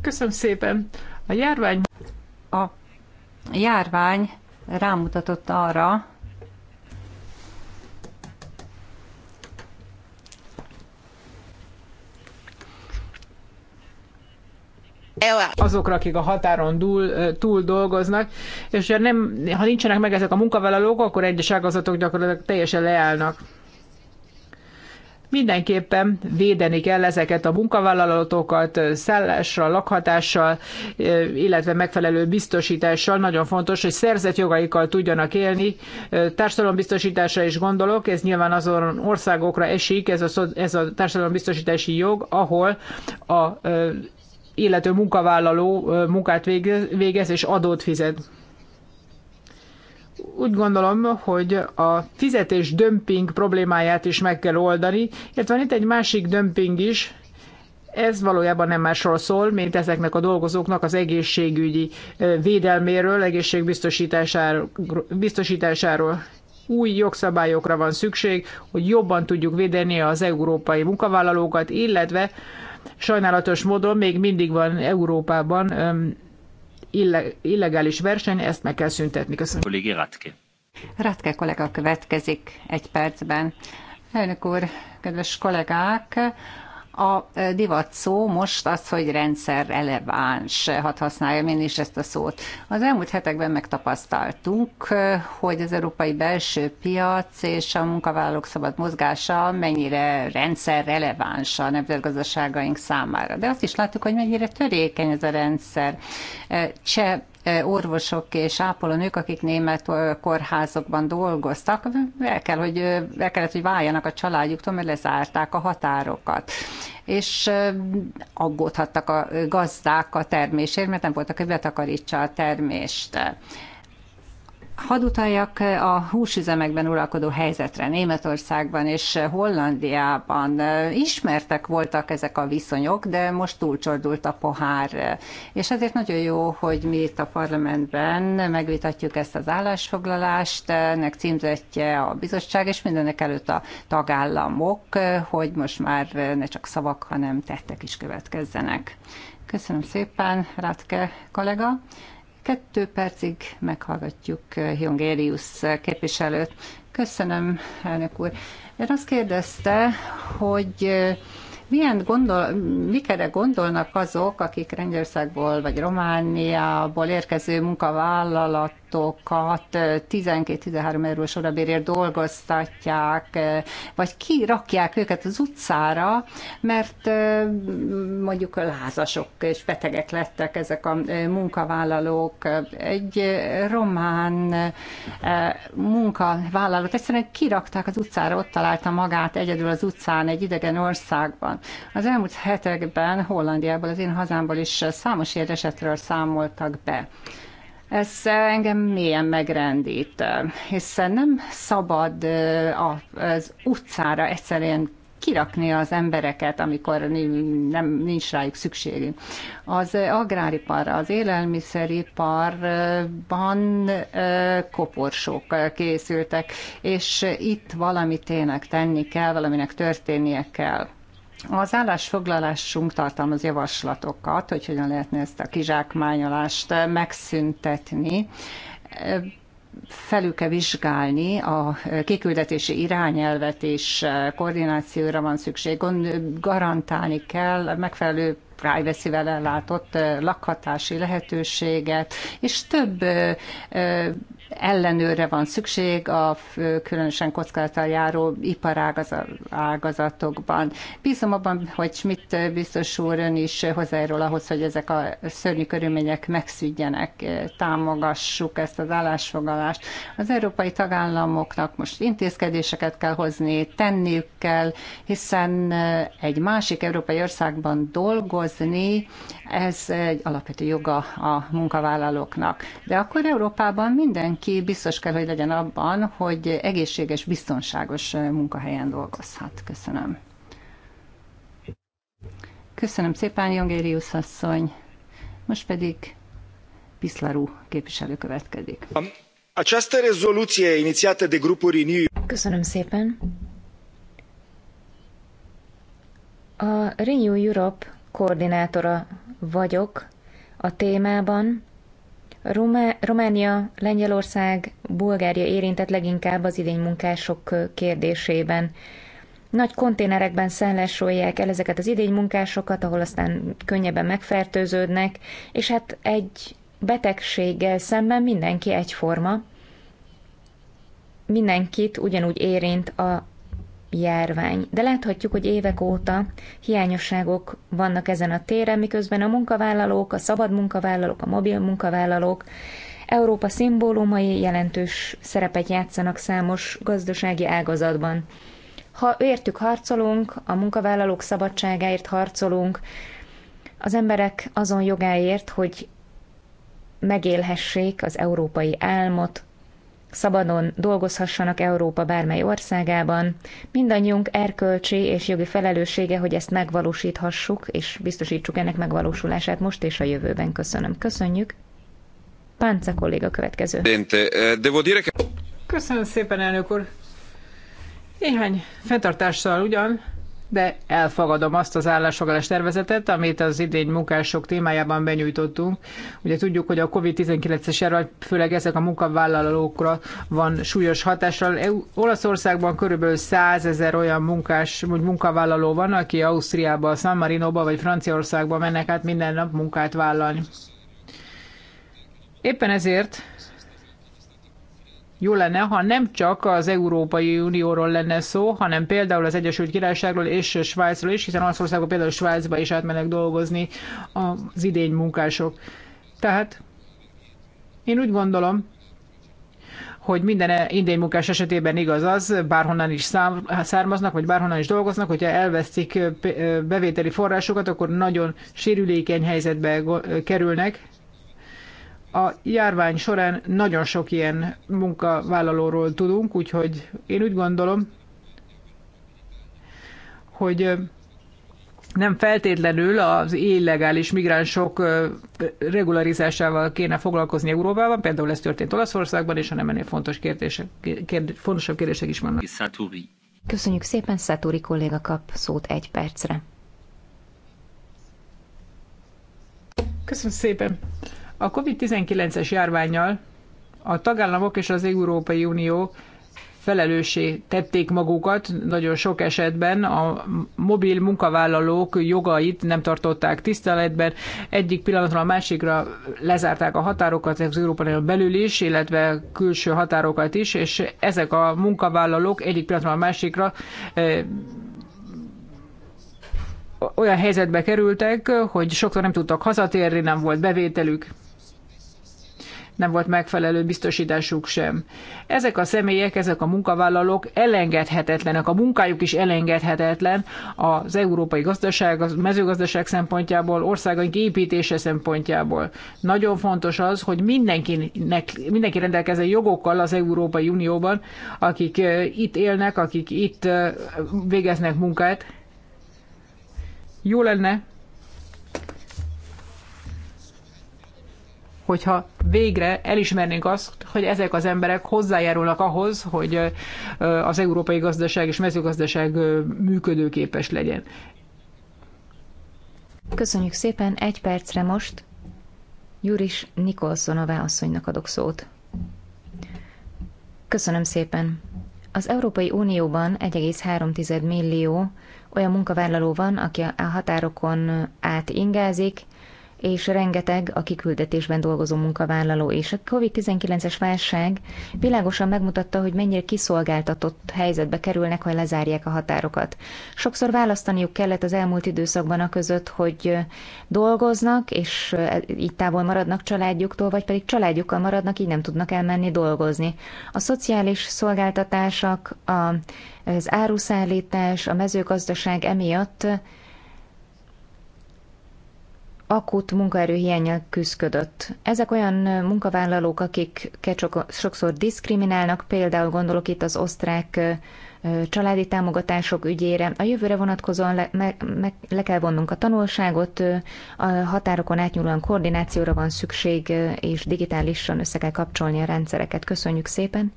Köszönöm szépen. A járvány... A járvány rámutatott arra, azokra, akik a határon túl, túl dolgoznak, és ha, nem, ha nincsenek meg ezek a munkavállalók, akkor egyes ágazatok gyakorlatilag teljesen leállnak. Mindenképpen védeni kell ezeket a munkavállalatokat szállással, lakhatással, illetve megfelelő biztosítással. Nagyon fontos, hogy szerzett jogaikkal tudjanak élni. Társadalombiztosításra is gondolok, ez nyilván azon országokra esik, ez a, ez a társadalombiztosítási jog, ahol a illető munkavállaló munkát végez és adót fizet. Úgy gondolom, hogy a fizetés dömping problémáját is meg kell oldani, illetve van itt egy másik dömping is, ez valójában nem másról szól, mint ezeknek a dolgozóknak az egészségügyi védelméről, egészségbiztosításáról. Új jogszabályokra van szükség, hogy jobban tudjuk védeni az európai munkavállalókat, illetve Sajnálatos módon még mindig van Európában illegális verseny, ezt meg kell szüntetni. Köszönöm. Kollégi Ratke. Ratke kollega következik egy percben. Elnök úr, kedves kollégák, a divat szó most az, hogy rendszer releváns, hadd használjam én is ezt a szót. Az elmúlt hetekben megtapasztaltunk, hogy az európai belső piac és a munkavállalók szabad mozgása mennyire rendszer releváns a nemzetgazdaságaink számára. De azt is láttuk, hogy mennyire törékeny ez a rendszer. Cseh orvosok és ápolónők, akik német kórházokban dolgoztak, el, kell, hogy, el kellett, hogy váljanak a családjuktól, mert lezárták a határokat. És aggódhattak a gazdák a termésért, mert nem voltak, hogy betakarítsa a termést Hadd utaljak eh, a húsüzemekben uralkodó helyzetre Németországban és Hollandiában. Eh, ismertek voltak ezek a viszonyok, de most túlcsordult a pohár. És ezért nagyon jó, hogy mi itt a parlamentben megvitatjuk ezt az állásfoglalást. Ennek címzetje a bizottság, és mindenek előtt a tagállamok, eh, hogy most már ne csak szavak, hanem tettek is következzenek. Köszönöm szépen, Rátke kollega. Kettő percig meghallgatjuk Jongérius eh, képviselőt. Köszönöm, elnök úr. Én azt kérdezte, hogy eh, milyen gondol, mikere gondolnak azok, akik Lengyelországból vagy Romániából érkező munkavállalat adatokat 12-13 eurós órabérért dolgoztatják, vagy kirakják őket az utcára, mert mondjuk lázasok és betegek lettek ezek a munkavállalók. Egy román munkavállalót egyszerűen kirakták az utcára, ott találta magát egyedül az utcán egy idegen országban. Az elmúlt hetekben Hollandiából, az én hazámból is számos ilyen esetről számoltak be. Ez eh, engem mélyen megrendít, eh, hiszen nem szabad eh, az utcára egyszerűen kirakni az embereket, amikor nem, nincs rájuk szükség. Az agráripar, az élelmiszeriparban koporsók készültek, és itt valamit tényleg tenni kell, valaminek történnie kell. Az állásfoglalásunk tartalmaz javaslatokat, hogy hogyan lehetne ezt a kizsákmányolást megszüntetni felül kell vizsgálni, a kiküldetési irányelvet és koordinációra van szükség, garantálni kell megfelelő privacy-vel ellátott lakhatási lehetőséget, és több ellenőre van szükség a különösen kockázattal járó iparágazatokban. Bízom abban, hogy Schmidt biztos úr ön is hozzájárul ahhoz, hogy ezek a szörnyű körülmények megszűnjenek, támogassuk ezt az állásfoglalást. Az európai tagállamoknak most intézkedéseket kell hozni, tenniük kell, hiszen egy másik európai országban dolgozni, ez egy alapvető joga a munkavállalóknak. De akkor Európában minden mindenki biztos kell, hogy legyen abban, hogy egészséges, biztonságos munkahelyen dolgozhat. Köszönöm. Köszönöm szépen, Jongérius asszony. Most pedig Piszlarú képviselő következik. Această rezoluție iniciálta de grupul Renew... Köszönöm szépen. A Renew Europe koordinátora vagyok a témában, Rumá- Románia, Lengyelország, Bulgária érintett leginkább az idény munkások kérdésében. Nagy konténerekben szállásolják el ezeket az munkásokat, ahol aztán könnyebben megfertőződnek, és hát egy betegséggel szemben mindenki egyforma, mindenkit ugyanúgy érint a járvány. De láthatjuk, hogy évek óta hiányosságok vannak ezen a téren, miközben a munkavállalók, a szabad munkavállalók, a mobil munkavállalók Európa szimbólumai jelentős szerepet játszanak számos gazdasági ágazatban. Ha értük harcolunk, a munkavállalók szabadságáért harcolunk, az emberek azon jogáért, hogy megélhessék az európai álmot, szabadon dolgozhassanak Európa bármely országában. Mindannyiunk erkölcsi és jogi felelőssége, hogy ezt megvalósíthassuk, és biztosítsuk ennek megvalósulását most és a jövőben. Köszönöm. Köszönjük. Pánca kolléga következő. Eh, Köszönöm szépen, elnök úr. Néhány fenntartással ugyan, de elfogadom azt az állásfoglalás tervezetet, amit az idény munkások témájában benyújtottunk. Ugye tudjuk, hogy a COVID-19-es járvány főleg ezek a munkavállalókra van súlyos hatással. Olaszországban körülbelül 100 ezer olyan munkás, vagy munkavállaló van, aki Ausztriába, San Marinoba vagy Franciaországba mennek át minden nap munkát vállalni. Éppen ezért jó lenne, ha nem csak az Európai Unióról lenne szó, hanem például az Egyesült Királyságról és Svájcról is, hiszen Olaszországban például Svájcba is átmennek dolgozni az idény munkások. Tehát én úgy gondolom, hogy minden indiai munkás esetében igaz az, bárhonnan is származnak, vagy bárhonnan is dolgoznak, hogyha elvesztik bevételi forrásokat, akkor nagyon sérülékeny helyzetbe kerülnek. A járvány során nagyon sok ilyen munkavállalóról tudunk, úgyhogy én úgy gondolom, hogy nem feltétlenül az illegális migránsok regularizásával kéne foglalkozni Európában, például ez történt Olaszországban, és hanem ennél fontos kérdések, kérd, fontosabb kérdések is vannak. Szaturi. Köszönjük szépen, Szaturi kolléga kap szót egy percre. Köszönöm szépen. A COVID-19-es járványjal a tagállamok és az Európai Unió felelőssé tették magukat, nagyon sok esetben a mobil munkavállalók jogait nem tartották tiszteletben, egyik pillanatra a másikra lezárták a határokat az Európai belül is, illetve külső határokat is, és ezek a munkavállalók egyik pillanatra a másikra eh, olyan helyzetbe kerültek, hogy sokszor nem tudtak hazatérni, nem volt bevételük nem volt megfelelő biztosításuk sem. Ezek a személyek, ezek a munkavállalók elengedhetetlenek, a munkájuk is elengedhetetlen az európai gazdaság, a mezőgazdaság szempontjából, országaink építése szempontjából. Nagyon fontos az, hogy mindenkinek, mindenki rendelkezzen jogokkal az Európai Unióban, akik itt élnek, akik itt végeznek munkát. Jó lenne, hogyha végre elismernénk azt, hogy ezek az emberek hozzájárulnak ahhoz, hogy az európai gazdaság és mezőgazdaság működőképes legyen. Köszönjük szépen, egy percre most Juris Nikolszonová asszonynak adok szót. Köszönöm szépen. Az Európai Unióban 1,3 millió olyan munkavállaló van, aki a határokon át ingázik, és rengeteg a kiküldetésben dolgozó munkavállaló és A COVID-19-es válság világosan megmutatta, hogy mennyire kiszolgáltatott helyzetbe kerülnek, ha lezárják a határokat. Sokszor választaniuk kellett az elmúlt időszakban a között, hogy dolgoznak, és e, így távol maradnak családjuktól, vagy pedig családjukkal maradnak, így nem tudnak elmenni dolgozni. A szociális szolgáltatások, a, az áruszállítás, a mezőgazdaság emiatt akut munkaerőhiányjal küzdött. Ezek olyan munkavállalók, akik sokszor diszkriminálnak, például gondolok itt az osztrák családi támogatások ügyére. A jövőre vonatkozóan le, me, me, le kell vonnunk a tanulságot, a határokon átnyúlóan koordinációra van szükség, és digitálisan össze kell kapcsolni a rendszereket. Köszönjük szépen!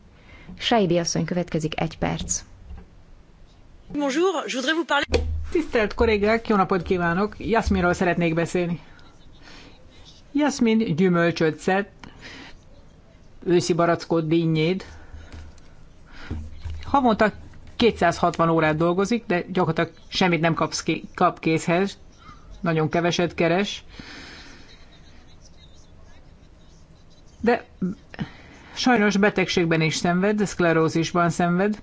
Sejdi asszony következik egy perc. Bonjour, je voudrais vous parler... Tisztelt kollégák, jó napot kívánok! Jasminról szeretnék beszélni. Jasmin gyümölcsöt szed, őszi barackot, dinnyéd. Havonta 260 órát dolgozik, de gyakorlatilag semmit nem kapsz ki, kap készhez. Nagyon keveset keres. De sajnos betegségben is szenved, szklerózisban szenved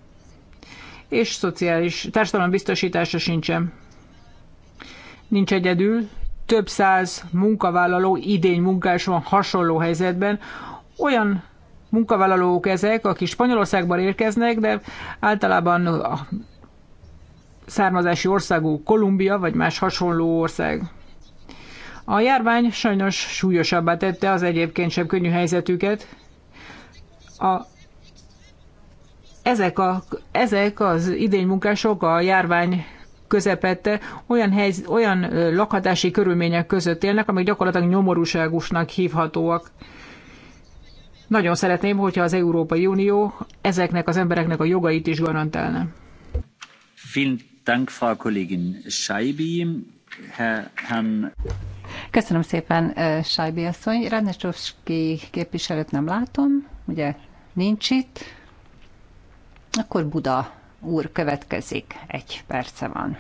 és szociális biztosítása sincsen. Nincs egyedül, több száz munkavállaló idény munkás van hasonló helyzetben. Olyan munkavállalók ezek, akik Spanyolországban érkeznek, de általában a származási országú Kolumbia vagy más hasonló ország. A járvány sajnos súlyosabbá tette az egyébként sem könnyű helyzetüket. A ezek, a, ezek az idénymunkások a járvány közepette olyan, hely, olyan lakhatási körülmények között élnek, amik gyakorlatilag nyomorúságosnak hívhatóak. Nagyon szeretném, hogyha az Európai Unió ezeknek az embereknek a jogait is garantálna. Köszönöm szépen, Sajbi asszony. Radnecsovszki képviselőt nem látom, ugye nincs itt. Akkor Buda úr következik, egy perce van.